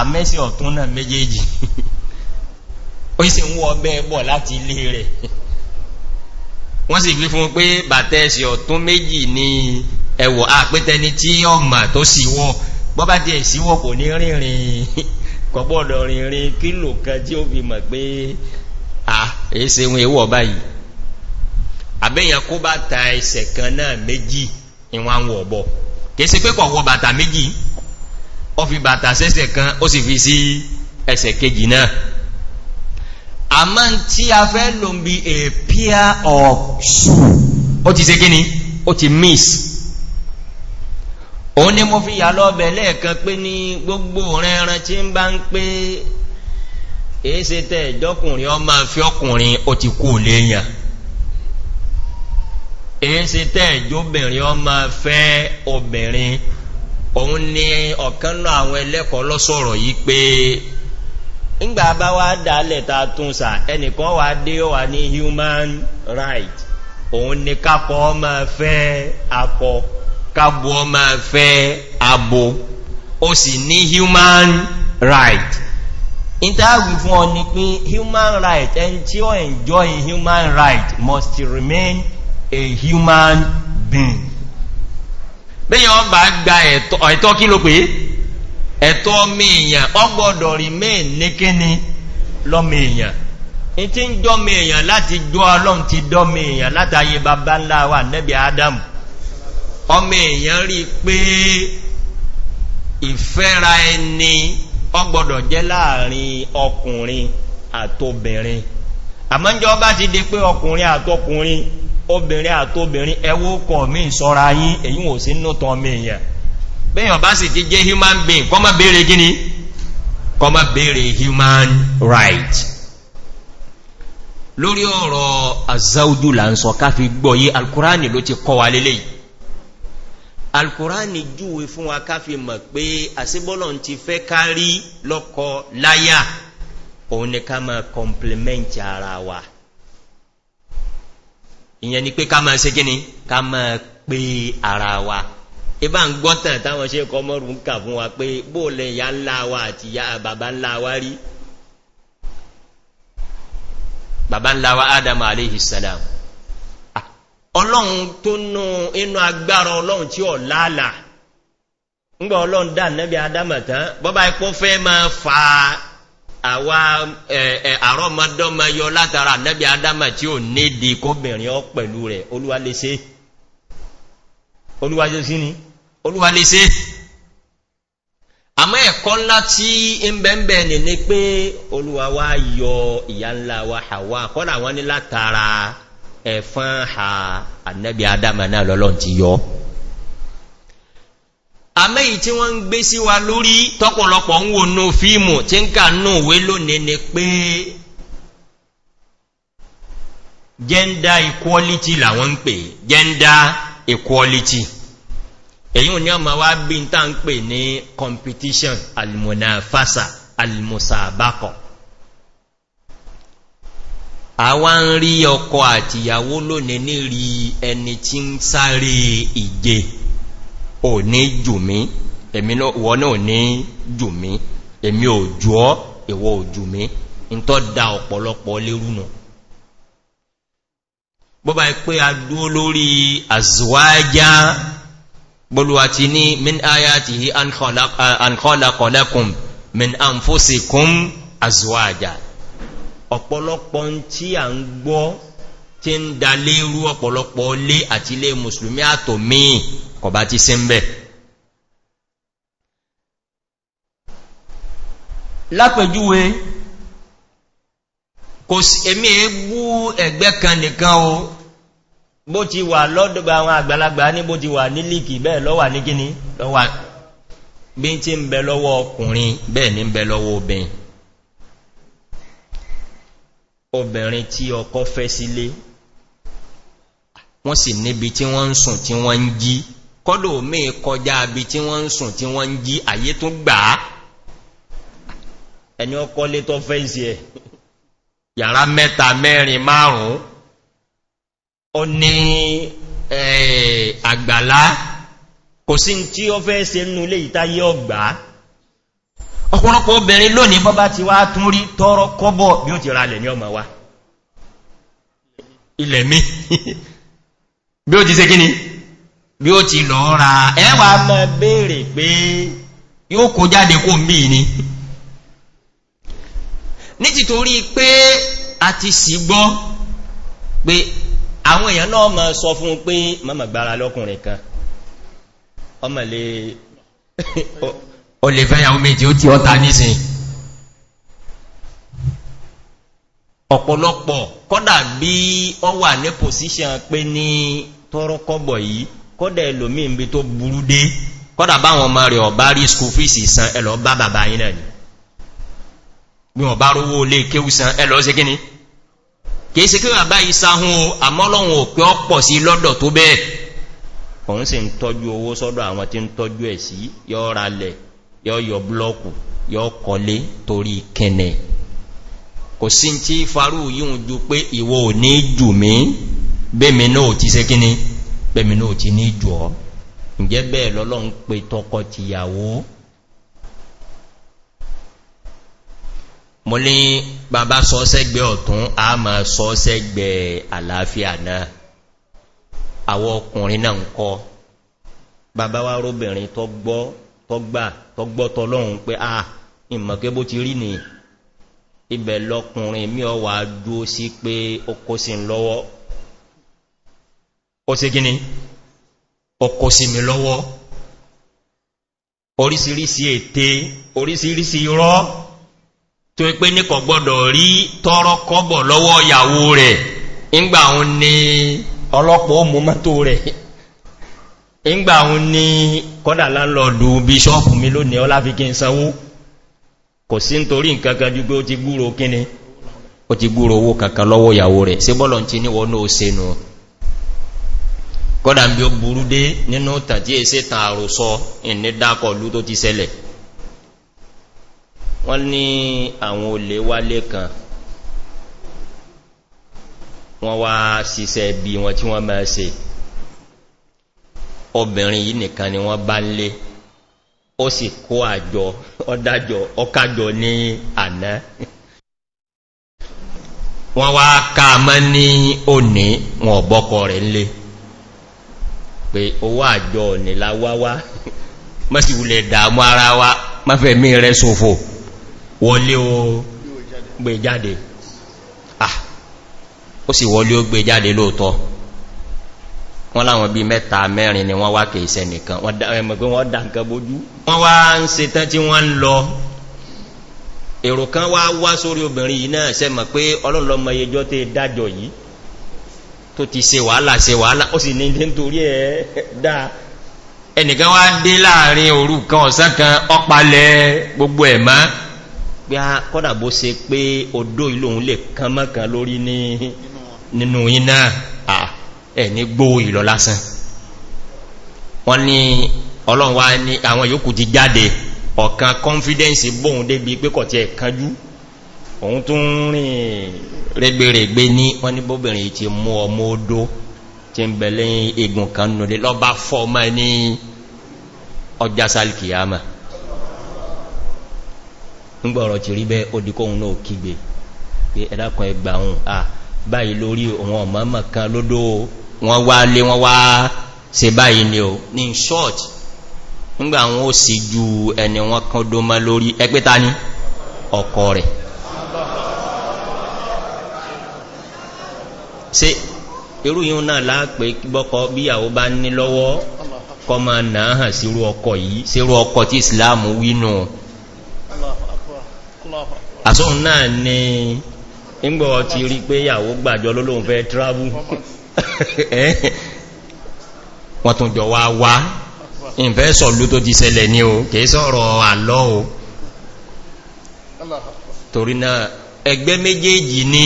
àmẹ́sì ọ̀tún náà méjèèjì ó sì ń wọ ọbẹ̀ bọ̀ láti ilé rẹ̀ wọ́n sì fi fún pé bàtẹ́ẹ̀sì ọ̀tún méjì ni ẹ̀wọ̀ àpẹtẹni tí ọmọ tó sì wọ bọ́bá díẹ̀ síwọ́ kò ní rìnrìn kọ̀gbọ́dọ̀ rìnrìn kílò kan tí ó fi mọ̀ pé èése wọn èwọ̀ báyìí àbẹ́yàn kó bá ta ẹsẹ̀ kan náà méjì ìwọ̀n àwọn ọ̀bọ̀ kèése pé kọ̀ wọ bàtà méjì ó fi bàtà sẹ́sẹ̀ kan ó sì fi sí ẹsẹ̀ kejì náà a má ń tí a fẹ́ lò ń bí a pair of shoe ó ti se gíní ó ti miss òun ni mo fi yà lọ́bẹ̀ lẹ́ẹ̀kan pé ní gbogbo rẹ̀ẹ̀rẹ̀ tí ń bá ń pé èé ṣe tẹ́ ìjọkùnrin ọmọ fi ọkùnrin ó ti kú léèyàn èé ṣe tẹ́ ìjọbìnrin ọmọ fẹ́ obìnrin òun ni ọ̀kan náà àwọn ẹlẹ́kọ̀ọ́ lọ́sọ̀rọ̀ yìí pé ńgbà bá wá dálẹ̀ ta tún sà ẹnìkan wá dé ó wà ní human right òun ni kápọ̀ ọmọ fẹ́ akọ kábọ̀ ọmọ fẹ́ abo ó sì ní human right interview fún ọ ni pé human right ẹni tí ó enjoy human right must remain a human being bẹ́yàn bá gba ẹ̀tọ́ kí ló pé ẹ̀tọ́ mi èèyàn ọgbọ́dọ̀ remain ní kíni lọ́mọ èèyàn in ti ń jọmọ èèyàn láti jọ ọlọ́run ti dọ́mọ èèyàn látàyè bàbá ńlá wà nẹ́bí adam ọmọ èèyàn rí pé ìfẹ́ra ẹni ọ ọgbọ̀dọ̀ jẹ́ láàrin ọkùnrin àtobìnrin àmọ́njẹ́ ọba ti di pé ọkùnrin àtọkùnrin obìnrin àtobìnrin ẹwó kọ̀ mí sọ́ra yín èyí wò sí nínú tán mi yẹn bẹ́yàn bá sì ti jẹ́ human being kọ́ mọ́ béèrè gíní kọ́ mọ́ béèrè human right lórí ọ̀rọ̀ azáúdú là ń sọ káfí gbọ́ yí alkùránì ló ti kọ́ wa lélẹ́yìí alukurani júwe fún wa ká fi mọ̀ pé àṣebọ́lọ̀ ń ti fẹ́ kárí lọ́kọ láyà òun ni ká máa kọ́mplimẹ́ǹtì ara wa ìyẹn ni pé ká máa ṣe kíni ká máa pé ara wa ibà ń gbọ́tàn táwọn ṣe kọ́ mọ́rù ń kà fún wa pé bóòlẹ̀ ìyá ńlá wa àti ìyá bàbá ńlá wa rí bàbá ńlá wa ádámù aléhìsàlámù ọlọ́run tó nú inú agbára ọlọ́run tí ọ̀ láàlà ńgbà ọlọ́run dá nẹ́bí adámọ̀tá bọ́bá ipò fẹ́ máa fa àwa àrọ́mọdọ́mọ yọ látara nẹ́bí adámọ̀ tí ó nídi kóbìnrin ọ pẹ̀lú rẹ̀ olúwalẹ́sẹ́ àmọ́ ẹ̀kọ́ ńlá tí ń pé olúwa yọ ìyá ẹ̀fán ha annabi adama náà lọ́lọ́n ti yọ àmẹ́yì tí wọ́n ń gbé sí wa lórí tọ́pọ̀lọpọ̀ ń wo nú fíìmù tí ń kà nú òwe lónìí ni pé gender equality làwọn ń pè gender equality èyí ò ní ọmọ wá bí n tàà ń pè ní competition almonafasa almusabakọ̀ àwa ń rí ọkọ àtìyàwó lónìí ní rí ẹni tí ń sáré ìje ò ní jùmí èmi wọ́n náà ní jùmí èmi ò jù ọ́ ìwọ ò jùmí ń tọ́ da ọ̀pọ̀lọpọ̀ lérúnà bọ́bá pé a dúó lórí àzúwájá gbọ́lùwà ti ní min aya ti hí ankọ́lákọ̀lẹ́kùn min amfósikún àzúwájá ọ̀pọ̀lọpọ̀ tí a ń gbọ́ tí ń da léru ọ̀pọ̀lọpọ̀ lé àti ilé musulmi àtòmí kọba ti sí ń bẹ̀ lápẹjúwe kò sí èmí egbú ẹgbẹ́ kan nìkan o bó ti wà lọ́dọ̀gbà àwọn àgbàlagbà ní bó ti wà ní líkì bẹ́ẹ̀ lọ́wà ní kíní lọ́wà bí ti ń bẹ lọ́wọ́ ọkùnrin bẹ́ẹ̀ ní ń bẹ lọ́wọ́ obìnrin obìnrin tí ọkọ́ fẹ́ sílé wọ́n sì níbi tí wọ́n ń sùn tí wọ́n ń jí kọ́dọ̀ mí kọjá bí tí wọ́n ń sùn tí wọ́n ń jí àyé tó gbà á ẹni ọkọ́ lé tó fẹ́ sí ẹ̀ yàrá mẹ́ta mẹ́rin márùn-ún ó ní àgbàlá kò sí tí ó fẹ́ se nú lè ìtayé ọgbàá ọ̀pọ̀lọpọ̀ obìnrin lónìí bọ́bá ti wá tún rí tọ́rọ kọ́bọ̀ bí ó ti ra lẹ̀ ní ọmọ wa ilẹ̀ mi bí ó ti se kíni bí ó ti lọ ra ẹwà mọ́ béèrè pé yóò kó jáde kó ń ni ní títorí pé a ti sì gbọ́ pé àwọn èèyàn náà mọ́ sọ fún pé mọ́mọ̀ gbára lọ́kùnrin kan ọmọ lè o lè fẹ́yàwó méjì ó ti ọta nísìn ọ̀pọ̀lọpọ̀ kọ́dà bí ọ wà ní pòsíṣàn pé ní tọ́rọkọ́bọ̀ yìí kọ́dà ẹlòmí ibi tó burú dé kọ́dà báwọn ọmọ rẹ̀ ọ̀bá rí school fees san ẹlọ bá bàbá yìí náà ni bí ọ̀bá rówó olé kéwú san ẹlọ sí kíní kìí sí kí bàbá yìí sáhún o àmọ́lọ́hun òpé ọ̀pọ̀ sí lọ́dọ̀ tó bẹ́ẹ̀ òun sì ń tọ́jú owó sọ́dọ̀ àwọn tí ń tọ́jú ẹ̀ sí yọ́ra lẹ̀ yọ yọ blọ́ọ̀kù yọ kọlé torí kẹnẹ̀ kò sí tí farú yíò ju pé ìwọ ò ní jù mí bẹ́mi náà ti ṣe kíní bẹ́mi náà ti ní jù ọ́ ǹjẹ́ bẹ́ẹ̀ lọ́lọ́n pé tọkọ tìyàwó mo ní bàbá sọ́sẹ́gbẹ̀ ọ̀tún a ma sọ́sẹ́gbẹ̀ àlàáfíà náà àwọn ọkùnrin náà ń kọ bàbá wa róbìnrin tó gbọ́ tọgbà tọgbọ́tọ̀ lọ́hun pé a ìmọ̀kẹ́ bó ti rí ní ibẹ̀ lọkùnrin mí ọ wà dúó sí pé ó kó sí lọ́wọ́ ó sí gíní ó kó sí mi lọ́wọ́ orísìírísìí ète orísìírísìí rọ́ tó pé ní gbọ́dọ̀ rí tọ́rọ kọ́bọ̀ lọ́wọ́ ìyàwó rẹ̀ ńgbà òun ni ọlọ́pọ̀ mọ́tò rẹ̀ ìgbà òun ni kọ́dà lálọ́ọ̀lù bíṣọ́pù mi lónìí ọlá fi kí n sanwó kò sí ń torí ti gúrò kíni ó ti gúrò owó kankan lọ́wọ́ ìyàwó rẹ̀ sí bọ́lọ̀ ti níwọ̀ se kọ́dà bí ó burú dé nínú tàbí èsè tàn àròsọ tó ti sẹlẹ̀ wọ́n ní obìnrin yìí nìkan ni wọ́n bá lé ó sì kó àjọ ọdájọ ọkájọ ní àná wọ́n wá ká mọ́ ní òní wọn ọ̀bọ́kọ rẹ̀ lé pé owó àjọ òní láwáwá mọ́sí wulẹ̀ dàmú ara wá mọ́fẹ̀mí rẹ̀ sòfò wọlé o gbé jáde ah ó sì wọlé ó gbé jáde lóòtọ́ wọ́n láwọn bí mẹ́ta mẹ́rin ni wọ́n wá kèé sẹ nìkan wọ́n dá nǹkan bójú wọ́n wá ń se tán tí wọ́n ń lọ èrò kan wá wá sórí obìnrin yìí náà sẹ mọ̀ pé ọlọ́lọ́mọyẹjọ́ tẹ dájọ yìí tó ti se wàhálà se wàhálà ó sì ní nítorí ẹ̀ dáa ẹnìkan wá dé láàrin òru kan ọ̀sán kan ọpalẹ̀ gbogbo ẹ̀ má pé a kọ́dà bó se pé odó ìlòun lè kán mọ́kan lórí nínú iná no, ẹ̀ ní gbówó ìlọ lásán wọ́n ni ọlọ́run wá ní àwọn yòókù ti jáde ọ̀kan confidence bóhun débi pé kọ̀ tí ẹ̀ kanjú òun tún rìn rẹgbẹ̀rẹ̀gbẹ̀ ní wọ́n ni bóbìnrin ti mú ọmọ odó ti ń bẹ̀lẹ̀ egun kan nù ọjà wọ́n wá lé wọ́n wá se báyìí ni o ní short nígbà wọn ó sì ju ẹni wọn kan dómọ lórí ẹgbẹ́ta ní ọkọ̀ rẹ̀ se irú yíò náà láàpẹ́ gbọ́kọ́ bí àwọ bá ní lọ́wọ́ kọ ma náà hàn sírú ọkọ̀ yìí sírú ọkọ̀ tí islam wínú àsóhun náà ni ìgbọ̀ ti rí pé ìyàwó gbàjọ lólóhun fẹ́ travel Eh? wọ́n tún jọ wá wá ìfẹ́sọ̀ ló tó ti ṣẹlẹ̀ ní o kìí sọ̀rọ̀ àlọ́ o torí náà ẹgbẹ́ méjèèjì ni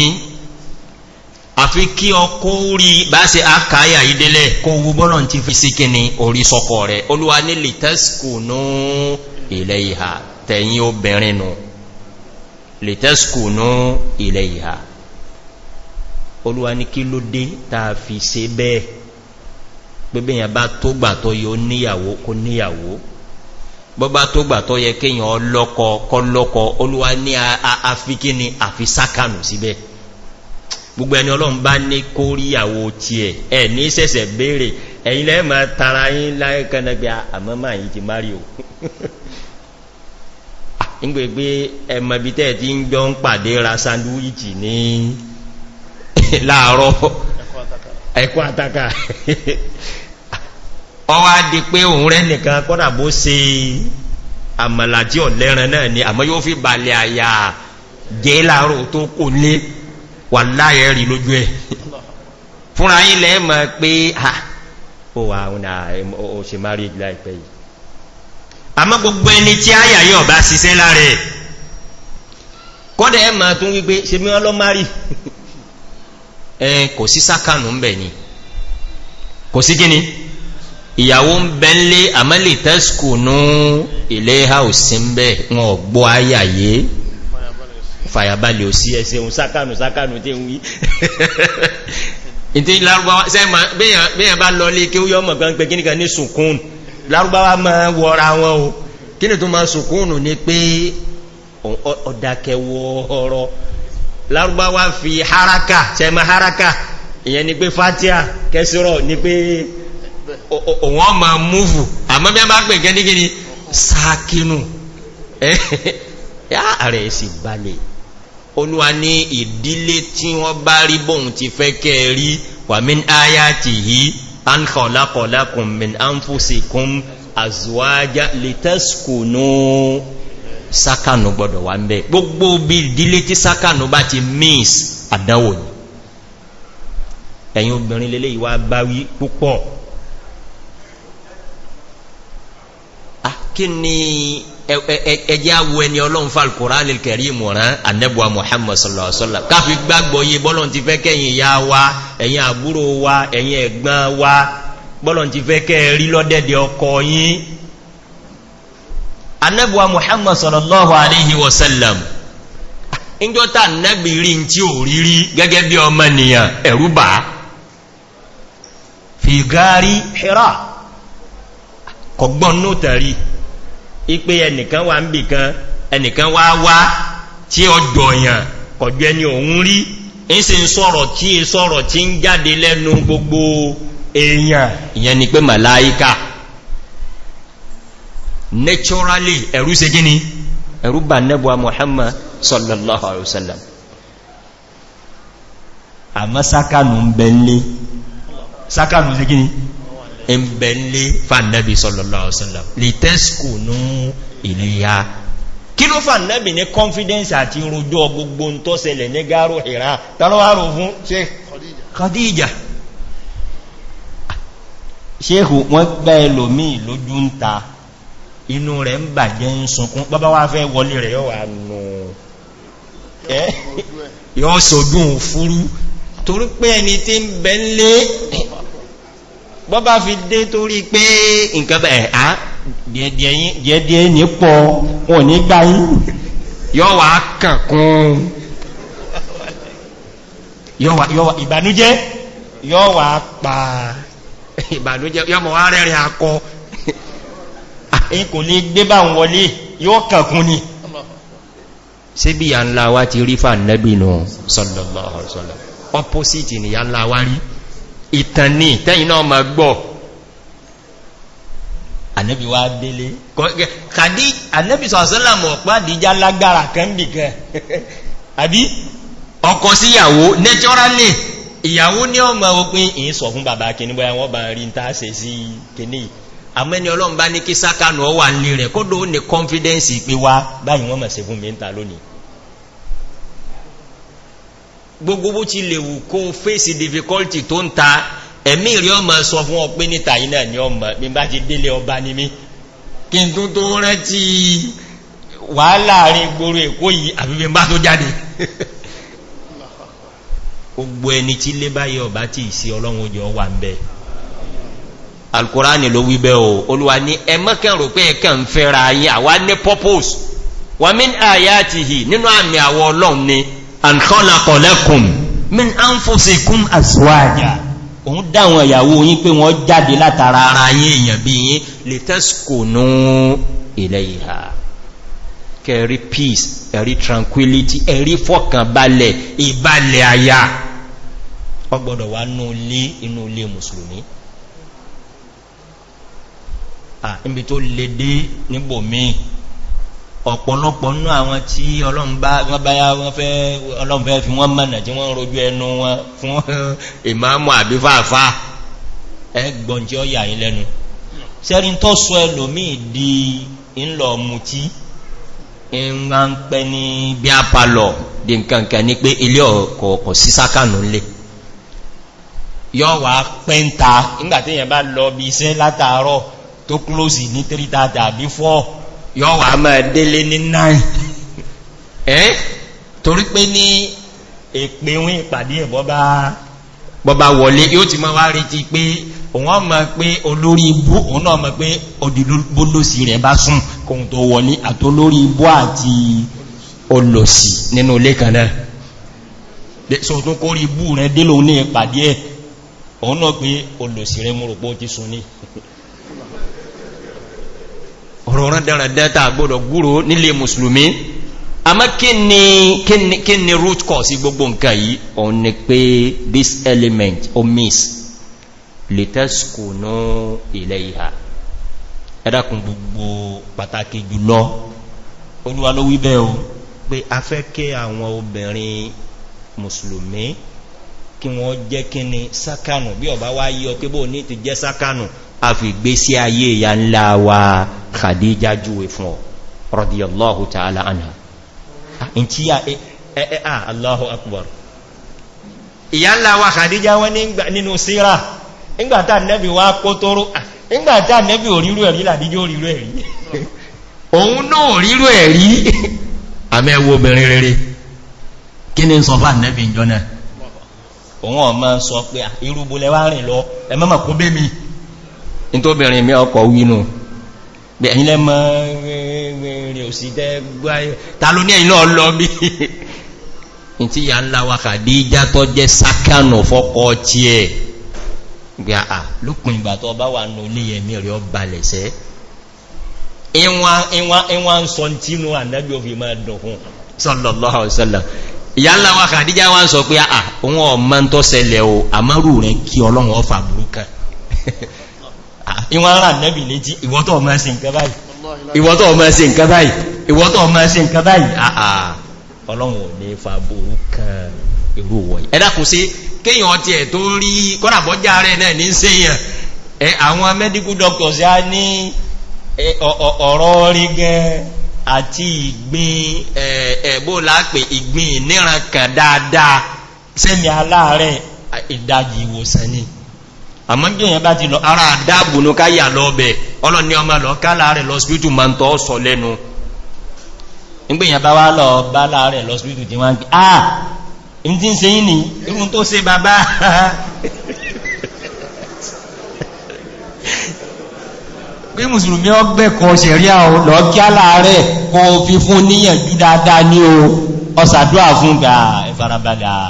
àfi kí ọkó rí bá se àkáyà ìdílẹ̀ kó owó bọ́lọ̀ ti fi sí kí ni orí sọkọ̀ rẹ̀ olúwa ní lìtẹ́sìkò ní ilẹ̀ ìhà tẹ̀yìn obìnrin nù lìtẹ́sìkò ní ilẹ̀ ìhà olúwa ní kí ló dé tàà fi se bẹ́ẹ̀ gbẹ́gbẹ̀yàn bá tó gbà tó yẹ ó níyàwó kó níyàwó bọ́bá tó gbà tó yẹ kéyàn ọlọ́kọ kọlọ́kọ olúwa ní àfikí ni àfi sákànù síbẹ̀ gbogbo ẹni ọlọ́run bá ní kó ríyàwó ti ẹ̀ ẹ̀ ní sẹ̀sẹ̀ béèrè ẹ̀yìn lẹ́ ma tara yín láìkẹ́nẹ́gbẹ́ ah, àmọ́mà yìí ti mari nígbègbè ẹ̀mọ̀bí tẹ́ẹ̀ ti ń jọ ń pàdé ra sandwich ní láàárọ̀ ẹ̀kọ́ àtàkà ọwá di pé òun rẹ̀ nìkan kọ́nà bó se àmàlà tí ọ̀ lẹ́ran náà ni àmọ́ yóò fi balẹ̀ àyà jẹ́ láàárọ̀ tó kò lé wà láyẹ̀ rí lójú ẹ̀ fúnra yí lẹ́ mọ̀ pé à ó wà ah, ó ṣe marriage láìpẹ́ yìí àmọ́ gbogbo ẹni tí àyà yóò bá ṣiṣẹ́ láàrẹ̀ kọ́dẹ̀ ẹ̀ mọ̀ tún wípé ṣe mí ọlọ́márì ẹ kò sí sákànù ń bẹ̀ ni kò sí gíní ìyàwó ń bẹ ń lé àmẹ́lì tẹ́sùkù ní ilé haùsí ń bẹ̀ wọn ọ̀gbọ́ ayàyé fàyàbalẹ̀ òsí ẹsẹun sákànù sákànù tí ń wí ìtí lárúbáwá sẹ́mà bíyàn bá lọ lé kí ó yọ ọmọ kan pé kíníkan ní sùkún lárúbáwá máa wọra wọn o kíni tó máa sùkúnù ni pé ọ̀dàkẹwọ́ ọ̀rọ̀ lárúbáwá fi haraka tẹ́mà haraka ìyẹn ni pé fatia kẹsìrọ̀ ni pé òun ma múfù àmọ́ bí a bá pè kẹ́ni ni sákínú eh, ààrẹ sì balẹ̀ olúwa ní ìdílé tí wọ́n bá rí bóhun ti fẹ́ kẹ́ rí wà áyá ti yí an min an fúsikún àzúwájá sákànù gbọdọ̀ wà ń bẹ́ gbogbo bí ìdílé tí sákànù bá ti means àdánwò ni ẹ̀yin obìnrin lélé ìwà bá wí púpọ̀ kí ni ẹjẹ́ awọ ẹni ọlọ́run falkura alìkẹ̀rí ìmọ̀ràn anẹ́bùwa muhammad sallọ́sọ́lá káfí gbágbọ́ yí bọ́lọ̀n ti fẹ́ kẹ́yìn ya wa ẹ̀yin àbúrò wa ẹ̀yin ẹ̀gbọ́n wa bọ́lọ̀n ti fẹ́ kẹ́ rí lọ́dẹ̀dẹ̀ ọkọ̀ yín anẹ́bùwa muhammad sallallahu alaihi wasallam injọta anẹ́bì rí n tí ò rírí gẹ́gẹ́ bí ọmọ nìyàn ẹ̀rúbà fi gáárí hira kọgbọ́n nótàrí ipé ẹnìkan wà ń bìkan ẹnìkan wá wá tí ọjọ́ yàn kọjọ́ ẹni òun rí ń sì ń sọ̀rọ̀ tí sọ̀rọ̀ tí ń jáde lẹ́nu gbogbo èèyàn ìyẹn ni pé màláíkà naturally ẹ̀rú se gíní ẹ̀rú bà nẹ́bùwa muhammad sallallahu alaihi wasallam àmá sákànù ń bẹ nlé sákànù sí gíní ń bẹ nlé fàndẹ́bì sallallahu alaihi wasallam lè tẹ́sìkò ní ìléyà confidence àti rojọ́ gbogbo ń tọ́sẹlẹ̀ ní gáró ìrà tánúwárò fún ṣe kọdíjà ṣéhù wọ́n inú rẹ̀ ń bàjẹ́ ń sunkún bọ́bá wá fẹ́ wọlé rẹ̀ yọ́ wà nù ẹ́ yọ́ sọ́dún fúrú torí pé ẹni tí ń bẹ lé bọ́bá fi dé torí pé nǹkan bẹ̀ á díẹ̀díẹ̀ ní pọ̀ wọn ní gbáyí yọ́ wà kàkún ìbànújẹ́ yọ́ wà pa ìbànújẹ́ yọ́ mọ̀ wá rẹ̀rẹ̀ akọ èyí kò lè gbé bá ń wọlé yóò kàkún ni ṣe bí ya ńlá wá ti rí fàánẹ́bì nù sọ́lọ̀lọ́ opposite ni ya ńlá wá rí ìtàn ní tẹ́yìn náà ma gbọ́ ànẹ́bì wá délé kàdí ànẹ́bì sọ̀sọ́làmù ọ̀pá dìjá lágbára kẹ́mbìkẹ́ ìyàwó ní ọmọ òpin ìyìn sọ fún bàbá kìnnìbọ̀ ẹwọ́n bá rí ń tàṣẹ sí kìnnìyàn àmẹ́ni ọlọ́run bá ní kí sákànù ọ wà nílé rẹ̀ kódò ó ní confidence pé wá báyìí wọ́n mọ̀ sí fún mi lónìí gbogbo bó ti lè wù kó face difficulty tó ń ta ẹ̀mí rí ọmọ sọ fún ọ pé níta yìí náà ni ọmọ mi bá ti délé ọba ni mí kí n tó tó rántí wàhálà rin gbòòrò èkó yìí àbí mi bá tó jáde gbogbo ẹni tí lé báyìí ọba tí ì sí ọlọ́run ó jọ wà ń bẹ́ẹ̀ alkùránì ló wíbẹ̀ o olúwa ní ẹmọ́kàn rò pé ẹkàn fẹ́ra yí àwá ní purpose wà mín àyàtìhì nínú àmì àwọ ọlọ́run ni àǹkọ́lákọ̀lẹ́kùn mín àǹfọ́sẹ̀kún àṣíwájà òun dáwọn ìyàwó yí pé wọ́n jáde látara ara yí èèyàn bí yí lè tẹ́sùkò ní ilẹ̀ ìhà kẹrí peace ẹ̀rí tranquility ẹ̀rí fọ́kànbalẹ̀ ìbalẹ̀ àyà ọgbọ̀dọ̀ wà nú ilé inú ilé mùsùlùmí níbi tó lè dé níbò míì ọ̀pọ̀lọpọ̀ nú àwọn tí ọlọ́m̀fẹ́ fi wọ́n mọ̀nà tí wọ́n rojú ẹnu wọn fún ìmáàmù àbí fàáfà ẹgbọ́n tí ó yà yí lẹ́nu sẹ́rin tó sọ ẹlòmí di ńlọ mutí ìrìnà ń pẹ́ ní bí a palọ̀ di nkankan ní pé ilé tó close ní 3 tàbí 4 yọ́ wà máa délé ní 9 ẹ́ eh? torí pé ní èpèwín ìpàdé ẹ̀ bọ́bá wọlé yóò ti máa wá retí pé òun ọmọ pé olórí ibú òun náà mọ̀ pé òdìlóbólósì rẹ̀ bá sún kóhun tó wọlé àtolórí ibú àti olósì nínú ilé kan náà so tún kó rí bú rẹ̀ délò ní ìpàdé ẹ̀ òun náà pé olósì rẹ̀ mú rò ti sun ní ọ̀rọ̀rán dáradá tàà gbọ́dọ̀ gúrò nílé musulmi a má kí ni root cause gbogbo nǹkan yìí o ní pé this element o miss lítẹ́sùkù ní ilẹ̀ ìhà ẹ̀dàkùn gbogbo pàtàkì jùlọ olúwa ló wí bẹ́ o pé a fẹ́ kí àwọn obìnrin musulmi kí wọ́n jẹ́ kí ni sákànù bí ọba wá ọ pé bóò ní ti jẹ́ sákànù a fi gbé sí ayé ya ńlá wa khadija juwe fún ọ radiyallahu ta'ala anha ah, in tí ya ẹ̀ẹ́à eh, eh, eh, ah, allahu akbar ìyá ńlá wa khadija wọ́n nínú síra ìgbàtà nẹ́bí wá pótóró ìgbàtà ah, nẹ́bí orírú ẹ̀rí làdíjó orírú ẹ̀rí òun náà orírú ẹ̀rí àmẹ́wò obìnrin rere kí ni sọ fà nẹ́bí ìjọ náà nítòbìnrin mi ọkọ̀ wínú pé ẹ̀yìn lẹ́ mọ́ rẹ̀ òsì tẹ́ gbáyé ta ló ní ẹ̀yìn náà lọ bí i tí ya ńlá wa Khadija tó jẹ́ sákànù fọ́kọ́ tí ẹ̀ gbà à lópin ìgbà tó bá wà nù ní ẹ̀mí rẹ̀ ọ balẹ̀ sẹ́ ìwọ̀n ń sọ wa Khadija wá ń sọ pé àà òun ọmọ tó ṣẹlẹ̀ o àmárù rẹ̀ kí ọlọ́run ọfà burúkan ìwọ́n rà nẹ́bì létí ìwọ́tọ̀ ọmọ ẹsẹ̀ nǹkan báyìí ìwọ́tọ̀ ọmọ ẹsẹ̀ nǹkan báyìí ìwọ́tọ̀ ọmọ ẹsẹ̀ nǹkan báyìí àà ọlọ́run ò ní fa ború kan irú wọ̀nyí ẹ̀dàkùn sí kéèyàn ti ẹ̀ tó rí kọ́nàbọ́já rẹ̀ náà ní sẹ́yàn ẹ àwọn medical doctors ya ní ọ̀rọ̀ rí gan àti ìgbìn ẹ̀bó lápẹ̀ ìgbìn ìníran kan dáadáa sẹ́mi aláàrẹ̀ ìdajì ìwòsàn ni àmọ́ jẹ́yàn bá ti lọ ara àdáàbò ní ká yà lọ bẹ̀ ọlọ́ni ọmọ lọ ká láàrẹ̀ lọ síbítù ma ń tọ́ sọ lẹ́nu nígbèyàn bá wá lọ bá láàrẹ̀ lọ síbítù tí wọ́n ah! ń pè ah in ti ń se yìí ni irun tó se bàbá pé mùsùlùmí ọgbẹ́kọ̀ sẹ̀ríà lọ kí á láàrẹ̀ kó fi fún níyànjú dáadáa ní o ọsàdúà fún gbà ìfarabalẹ̀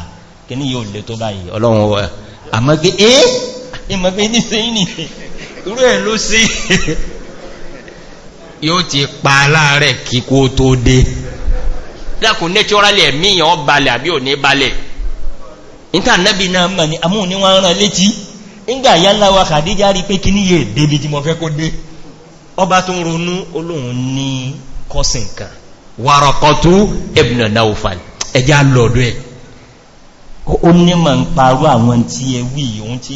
kí ní yóò lè tó báyìí ọlọ́run àmọ́ kí eh ìmọ̀ pé ní sí ní irú ẹ̀ ló sí yóò ti pa láàrẹ̀ kí kó tó dé dákùn nẹ́tírálì ẹ̀mí yàn ọ́ balẹ̀ àbí ò ní balẹ̀ ìtànẹ́bì náà mọ̀ ní amóhùn ní wọ́n rán létí ńgbà yá láwá kàdíjá rí pé kí ní yè débi tí mo fẹ́ kó dé ọba tó ń ronú olóhun ní kọ́sìn kan ẹ̀bùnà náà ò ẹjá lọ́ọ̀dọ́ ẹ̀ ó nímọ̀ ń parú àwọn tí ewì ohun tí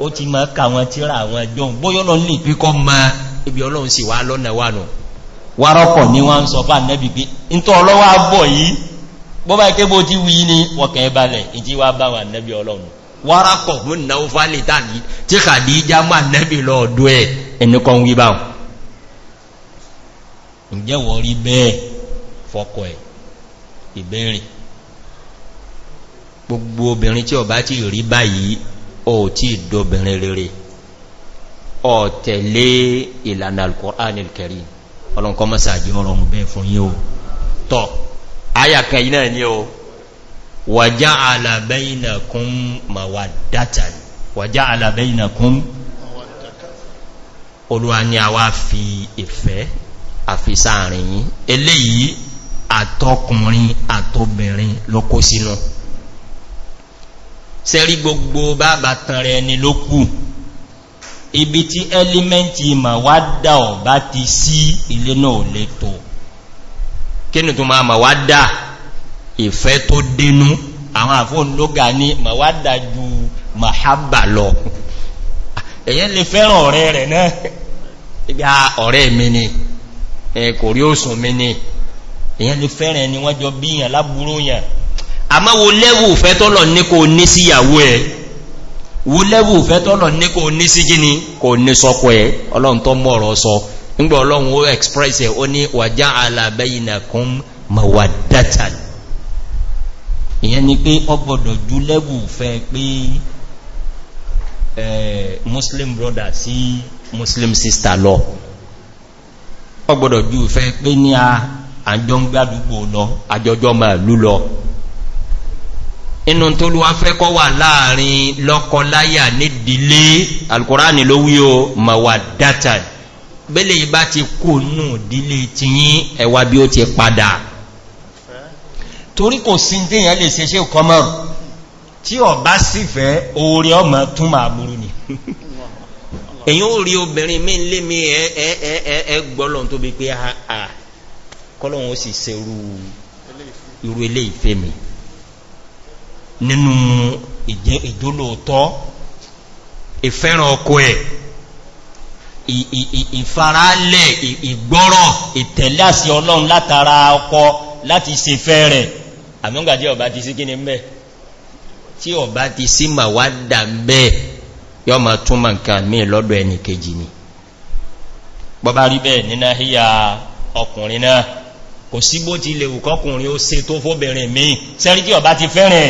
ó ti mọ́ ká wọn tí ra àwọn ẹjọ́un bóyọ́ lọ ní ìpíkọ́ ma ibi ọlọ́run sì wá lọ́nà wà nù wárọ́pọ̀ ní wọ́n ń sọ fà nẹ́bì pé ń tọ́ ọlọ́wọ́ àbọ̀ yìí bó bá ké bó ti wí ní wọ́kẹ̀ ẹbalẹ̀ ìjí wá bá wà nẹ́bì ọlọ́run wárọ́pọ̀ hún náà fálẹ̀ tàbí tí kàdí já má nẹ́bì lọ́ọ̀dọ́ ẹ̀ ẹnìkan wí bá ǹjẹ́ wọ́n rí gbogbo obìnrin tí ọba ti rí báyìí ọ tí ìdóbìnrin rere ọ̀tẹ̀lé ìlànà alkùnrin kẹrì ọlọ́nkọ́ mọ́sàájí ọ̀rọ̀ bẹ́ẹ̀ fún yí o tọ́ ayàkan iná ní o wàjá alàbẹ́yìnàkún mawadatan wàjá alàbẹ́yìnàkún olúwa ni a wá fi ìfẹ́ àfi sáàrin yìí eléyìí àtọkùnrin àtobìnrin ló kó sínú no sẹ́rí gbogbo bàbá tàn rẹ̀ ni ló kù ibi tí ẹlímẹ́ntì ma wá dá ọ̀bá ti sí ilé náà lè tó kínú tó máa ma wá dá ìfẹ́ tó dínú àwọn àfóòn lóga ní ma wá dá ju mahabba lọ èyẹ́ lè fẹ́ràn ọ̀rẹ́ rẹ̀ náà ibi ọ̀rẹ́ mi ni kò rí òsùn mi ni èyẹ́ lè fẹ́ràn ẹni wọ́n jọ bíyàn lábúrú yàn àmọ́ wo lẹ́wù fẹ́ tọ́lọ̀ ní kò ní sí ìyàwó ẹ̀ wo lẹ́wù fẹ́ tọ́lọ̀ ní kò ní sí gíní kò ní sọkọ̀ ẹ̀ ọlọ́run tó mọ̀rọ̀ sọ nígbà ọlọ́run ó express ẹ̀ ó ní wàjá mawadatan ìyẹn ni pé ọgbọ̀dọ̀ jú muslim brother muslim sister lọ ọgbọ̀dọ̀ jú fẹ́ a àjọ ń gbádùgbò lọ àjọjọ́ máa lú lọ inú tó lúwa fẹ́ kọ́ wà láàrin lọ́kọláyà nídìílé alkùránì ló wí o ma wà dátà bẹ́lẹ̀ ìbá ti kò nù dílé ti yín ẹwà bí ó ti padà torí kò sí déyàn lè ṣe kọmọ̀ tí ọ̀bá sì fẹ́ oore ọmọ tún máa burú ni èyí ó rí obìnrin mí lé mi ẹ gbọ́lọ̀ tó bí pé àà ah, ah, kọ́lọ̀ wọn ó sì ṣe irú ilé nínú ìjẹ́ ìjólóòtọ́ ìfẹ́ràn ọkọ ẹ̀ ìfaralẹ̀ ìgbọ́rọ̀ ìtẹ̀lé àsí ọlọ́run látara ọkọ láti se fẹ́ rẹ̀ àmúgbà tí ọba ti sí kí ni mẹ́ tí ọba ti sí ma wá dà mẹ́ yọ túnmà nǹkan mí lọ́dọ̀ ẹni kejì ni bọ́bá rí bẹ́ẹ̀ nínà híyà ọkùnrin náà kò sí bó ti lè wùkọ́kùnrin ó se tó fóbìnrin mí sẹ́rí tí ọba ti fẹ́rẹ̀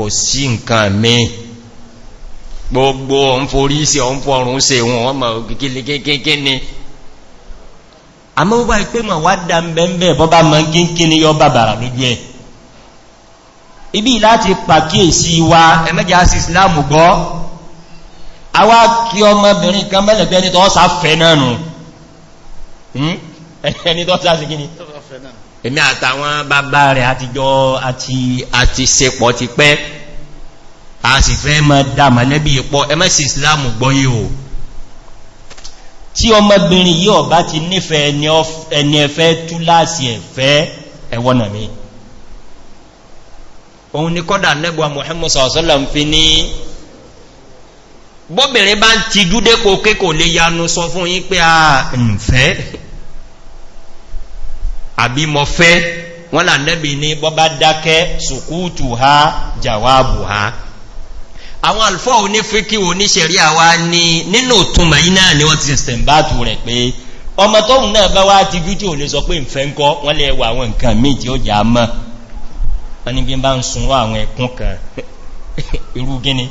kò sí nǹkan mìí gbogbo ọ̀n forí sí ọ̀n fọrùn sí wọn wọ́n mọ̀ kíkíkíkí ni a mọ́ wá ipé mọ̀ wá dá mẹ́mẹ́ bọ́bá mọ́ kíkí ni yọ bàbàrà lójú ẹ̀ ibi láti pàkíyèsí wa ẹmẹ́jẹ́ sí islamu gọ́ a wá kí ọmọbìnrin kan mẹ́lẹ̀gbẹ́ ní tọ́ èmi àtàwọn bàbá rẹ̀ àtijọ́ àti àti sepọ̀ ti pẹ́ a sì fẹ́ mọ́ dámà lẹ́bí ipọ̀ ẹmẹ́sì islam gbọ́yí o tí ọmọbìnrin yí ọ̀bá ti nífẹ́ ẹni ẹfẹ́ túláàsì ẹ̀fẹ́ ẹwọ́nà mi òun ni kọ́dà nẹ́gbà mohamed sọ̀sọ́lọ̀ àbí mọ fẹ́ wọ́n là nẹ́bì ní bọ́bá dákẹ́ sùkúùtù ha jàwáàbù ha àwọn alfọ́ onífíkí oníṣẹ̀rí àwa ni nínú òtúnmà iná ni wọ́n ti sẹ̀mbàtù rẹ̀ pé ọmọ tóhun náà bá wá ti jú tí ò lè sọ pé ìfẹ́ ń kọ́ wọ́n lè wà àwọn nǹkan míì tí ó jà mọ́ wọ́n bí bá ń sun àwọn ẹkún kan irú gíní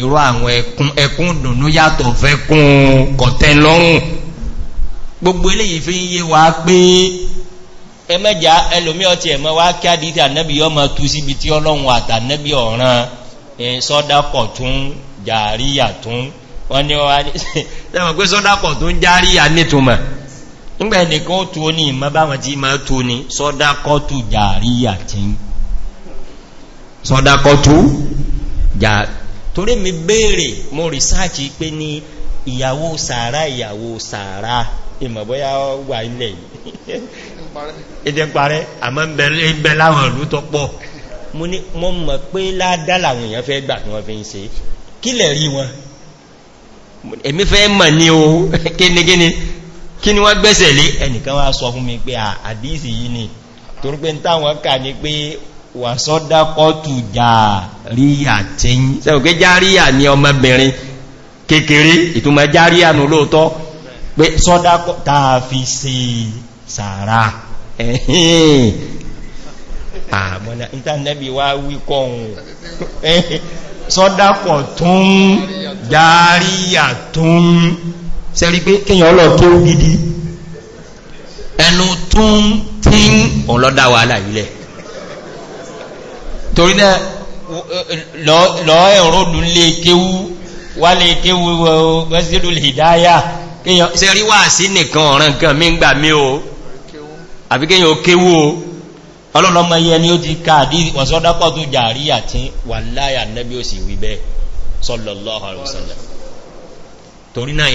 irú àwọn ẹkún dùnú yàtọ̀ fẹ́kún kọ̀tẹ́ lọ́rùn gbogbo eléyìí fi ń yé wa pé ẹmẹ́jà ẹlòmí ọtí ẹ̀mọ́ wá kí àdíta nẹ́bí yọ ma tú síbi tí ọlọ́run àtà nẹ́bí ọ̀ràn sọ́dápọ̀ tún jàríyà tún wọ́n ni wọ́n tẹ́mọ̀ pé sọ́dápọ̀ tún jàríyà nítumọ̀ nígbẹ̀ nìkan ó tú ní ìmọ́ báwọn tí ma tú mo rìsáàkì pé ní ìyàwó sàárà ìyàwó sàárà ìmọ̀ bóyá wà ilẹ̀ ètè parẹ́ àmọ́ ń bẹ láwọn ìlú tó pọ̀ mo ní mo mọ̀ pé ládá làwọn èèyàn fẹ́ gbà tí wọ́n fi ń se kí lẹ̀ rí wọn èmi fẹ́ mọ̀ ní o kínigíní kí ni wọ́n gbẹ́sẹ̀ lé ẹnìkan wá sọ fún mi pé àdíìsì yìí ni torí pé táwọn kà ní pé wà sọ́dá kọ́tù jà ríyà tí ń sẹ́wọ̀kẹ́ járíyà ní ọmọbìnrin kékeré ìtumọ̀ járíyà nù lóòtọ́ pé sọ́dá sàárà ẹ̀hìn àmọ́nà ìtànẹ́bí wá wíkọ́ ohun sọ́dápọ̀ tó ń dáríyà tó ń sẹ́rí pé kíyàn ọlọ́ tó gidi ẹnu tó ń tí ń ọlọ́dá wà láìlẹ̀ torí náà lọ ẹ̀rọ dùn lè kéwú wà lè kéwú wẹ́sílù lè dáyà kíyàn sẹ́rí wà sí nìkan ọ̀ràn kan mí ń gbà mí o àfikẹ́yìn ó kéwó ọlọ́lọ́mọ iye ni ó ti káàdí wọ̀sọ́dápọ̀ tó jàrí àti wà láyà nẹ́bí ó sì wí bẹ́ sọ́lọ̀lọ́hà rọ̀sọ́lọ̀ torí náà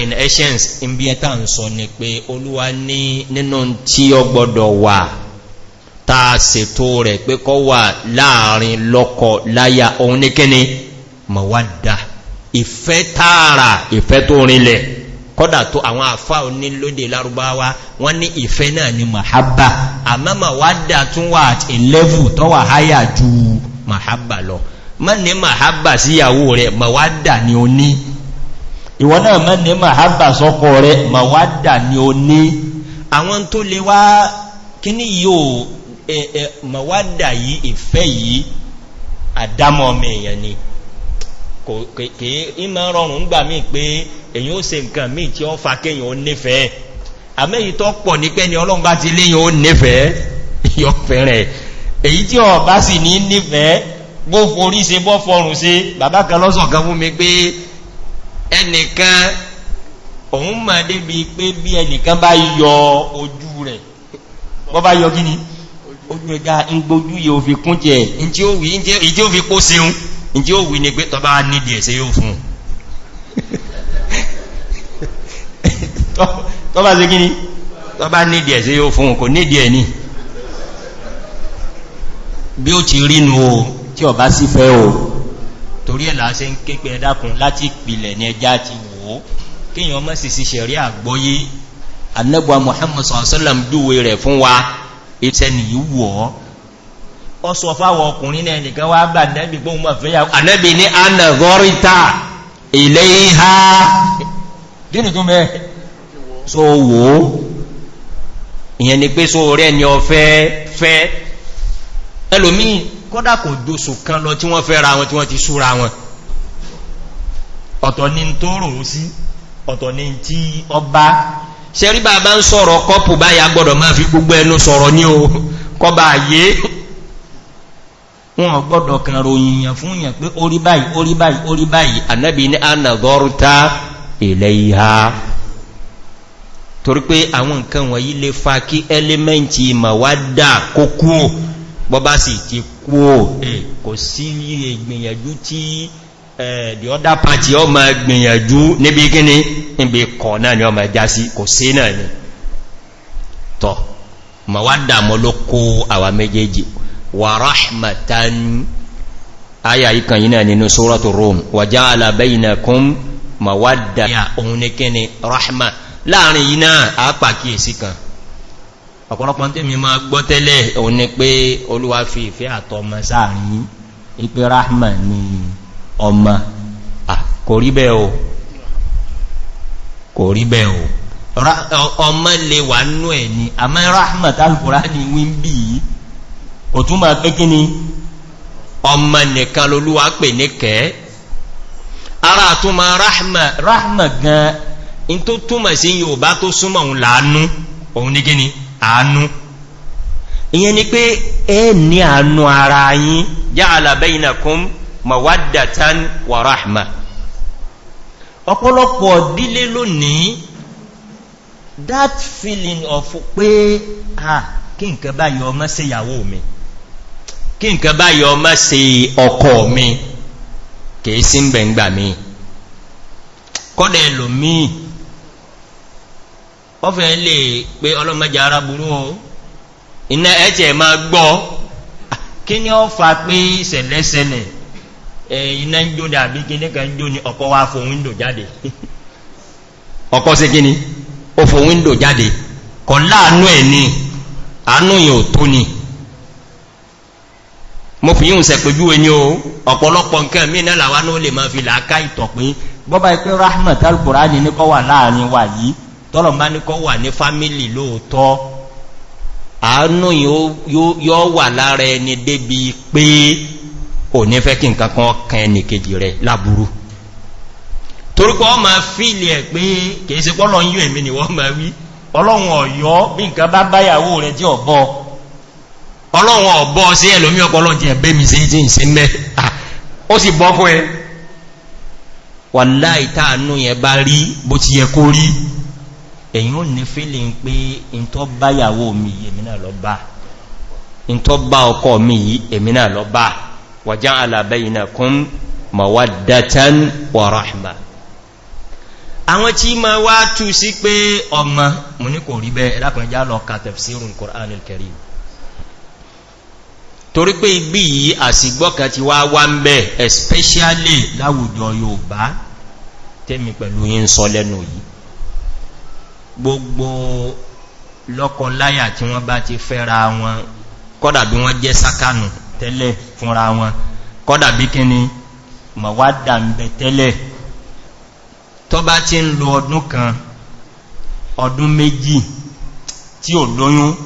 in ta ṣètò rẹ̀ pé kọ́ wà láàrin lọ́kọ̀ láyà òun ní kíni mọ̀wádà kọ́dà tó àwọn àfá òní lóde lárúbáwá wọ́n ní ìfẹ́ náà ni mahabba àmọ́mà wá dà tún wà at 11 tó wà háyà ju mahabba lọ mọ́ ní mahabba síyàwó rẹ̀ ma wá dà ní o ní ìwọ́n náà mọ́ ní mahabba sọ́kọ rẹ̀ ma wá dà ní o àwọn tó lè wá kí yóò ma wá dà yìí ìfẹ́ yìí àdámọ́ kìí ìmọ̀ rọrùn gbà mí pé èyí ó se nǹkan mí tí ó fa kéyàn ó nífẹ̀ẹ́ àmẹ́yí tó pọ̀ ní pé ni ọlọ́run bá ti léyàn ó nífẹ̀ẹ́ yọ fẹ́rẹ̀ èyí tí ọ bá sì ní nífẹ̀ẹ́ bó forí se bọ́ fọrùn se bàbá kan lọ́sàn kan fún mi pé ẹnìkan òun mọ̀ débi pé bí ẹnìkan bá yọ ojú rẹ̀ bọ́ bá yọ gíní ojú ẹ̀gá ń gbójú yóò fi kún jẹ́ ìjí ó ìjí ó wí ní pé tọba nídi ẹ̀ṣẹ́ yóò fún tọba sí kí ni tọba nídi ẹ̀ṣẹ́ yóò fún kò nídi ẹ̀ ní bí ó ti rí nù o tí ọba sí fẹ́ o torí ẹ̀ láṣẹ ń képe ẹ̀dàkùn láti ìpìlẹ̀ ní ẹjá ti wò ó kíyàn mọ́ sì sí anẹ́gbà mohamed sọ̀sọ́lẹ̀m dúwe rẹ̀ fún wa ìtẹ́ni ìwọ̀ ọsọ fáwọn ọkùnrin náà nìkan wá bá nẹ́bì gbóhùn mọ̀ fẹ́ yàwó ànẹ́bì ní anagorita ilé ha gínì tún mẹ́ so wò ìyẹn ni pé so rẹ̀ ni ọ̀fẹ́ fẹ́ ẹlòmí kọ́dà kò dóso kan lọ tí wọ́n fẹ́ ra wọn tí wọ́n ti súra wọn ọ̀tọ̀ ni tó rò ó sí ọ̀tọ̀ ni tí ọba ṣe rí bàbá ń sọ̀rọ̀ kọ́pù báyà gbọ́dọ̀ máa fi gbogbo ẹnu sọ̀rọ̀ ní o kọba àyè wọn gbọ́dọ̀ kan ròyìn yàn fún yàn pé orí báyìí orí báyìí orí báyìí annabi ní anàgọ́rúta ilẹ̀ ìhá torí pé àwọn nǹkan wọ̀nyí lè fa kí ẹlẹ́mẹ́ntì màwádà kó kúò bọ́bá sì ti kúò kò sí ìgbìyànjú tí the other party ọ ma gbìyànjú níbi gíní níbi kọ̀ náà ni ọ ma já sí kò sí náà ni tọ́ màwádà mọ́ ló àwà méjèèjì wa rahmatan aya ikan yina nínú suratu rum wa ja'ala bainakum mawadda ya ohun ni kini rahma láàrin yina a pàkíyèsí kan ọ̀pọ̀lọpọ̀ tí mi máa gbọ́ tẹ́lẹ̀ òun ni pé olúwa fi ìfẹ́ àtọmọ sáàrin ipé rahma ni ọmọ ah, kò rí bẹ́ o kò rí bẹ́ o ọmọ lè wà nú ẹ̀ ni àmọ́ rahma tálùkùrá ni wí ń bí yìí kò tún máa kí ni ọmọ nìkan lolúwa pè ní kẹ́ ara àtúnmà rahma gan in tó túnmà sí yóòbá tó súnmọ̀ òun láánú òun ní gíní àánú ìyẹn ni pé ẹ ní àánú ara yín já alàbẹ́ ìnàkún mawaddatan wa rahma ọ̀pọ̀lọpọ̀ dílé lónìí that feeling of pé ah kí nǹkan báyìí ọmọ sí ìyàwó mi kí nǹkan bá yọ ọmọ se ọkọ̀ mi kìí sí ń bẹ̀ǹgbà mi kọ́dẹ̀ lò mí ọfẹ́ lè pé ọlọ́mọjà ara burú o iná ẹ̀jẹ̀ ma gbọ́ kí ni ó fa pé ìṣẹ̀lẹ́sẹ̀lẹ̀ iná ń jó dàbí kí ní kan jó ni ọkọ̀ wá fò jáde ọkọ̀ sí kí ni ó fò mo fi yíò sẹ̀pẹ̀júwe ní o ọ̀pọ̀lọpọ̀ nǹkan mí náà làwá náà lè máa fi làákà ìtọ̀pín bọ́bá ipé rahmat al-qur'ani ní kọ́ wà láàrin wà yìí tọ́lọ̀mbá ní kọ́ wà ní fámílì lóòtọ́ àánú yóò wà lára ẹni débi pé ò ní fẹ́ kí nǹkan kan kan ẹni kejì rẹ̀ láburú torúkọ ọmọ fíìlì ẹ̀ pé kèése ọlọ́run ọ̀bọ́ sí ẹlòmí ọpọlọ jẹ́ ẹ̀bẹ́ mi sí jí sí mẹ́ ó sì bọ́ fún ẹ wà láìta àánú yẹn bá rí bó ti yẹ kó rí èyí ò ní fílì ń pé ìntọ́ bá yàwó mi èmi náà lọ bá ìntọ́ bá ọkọ mi yìí náà lọ bá wàjá alàbẹ́yìnà kún mawaddatan wa rahma àwọn tí ma wá tú sí pé ọmọ mo ní kò rí bẹ́ ẹlákùnrin lọ kàtẹ̀ sí ìrùn kòránil torí pé igbí yìí àsìgbọ́kan ti wá wá ń bẹ́ especially láwùjọ yóòbá tẹ́mi pẹ̀lú yí ń sọ lẹ́nu yìí gbogbo lọ́kọláyà tí wọ́n bá ti fẹ́ra wọn kọ́dà bí wọ́n jẹ́ sákànù tẹ́lẹ̀ fúnra wọn kọ́dà bí kíni mọ̀wádà ń bẹ tẹ́lẹ̀ tọ́ bá ti ń lo ọdún kan ọdún méjì tí ò lóyún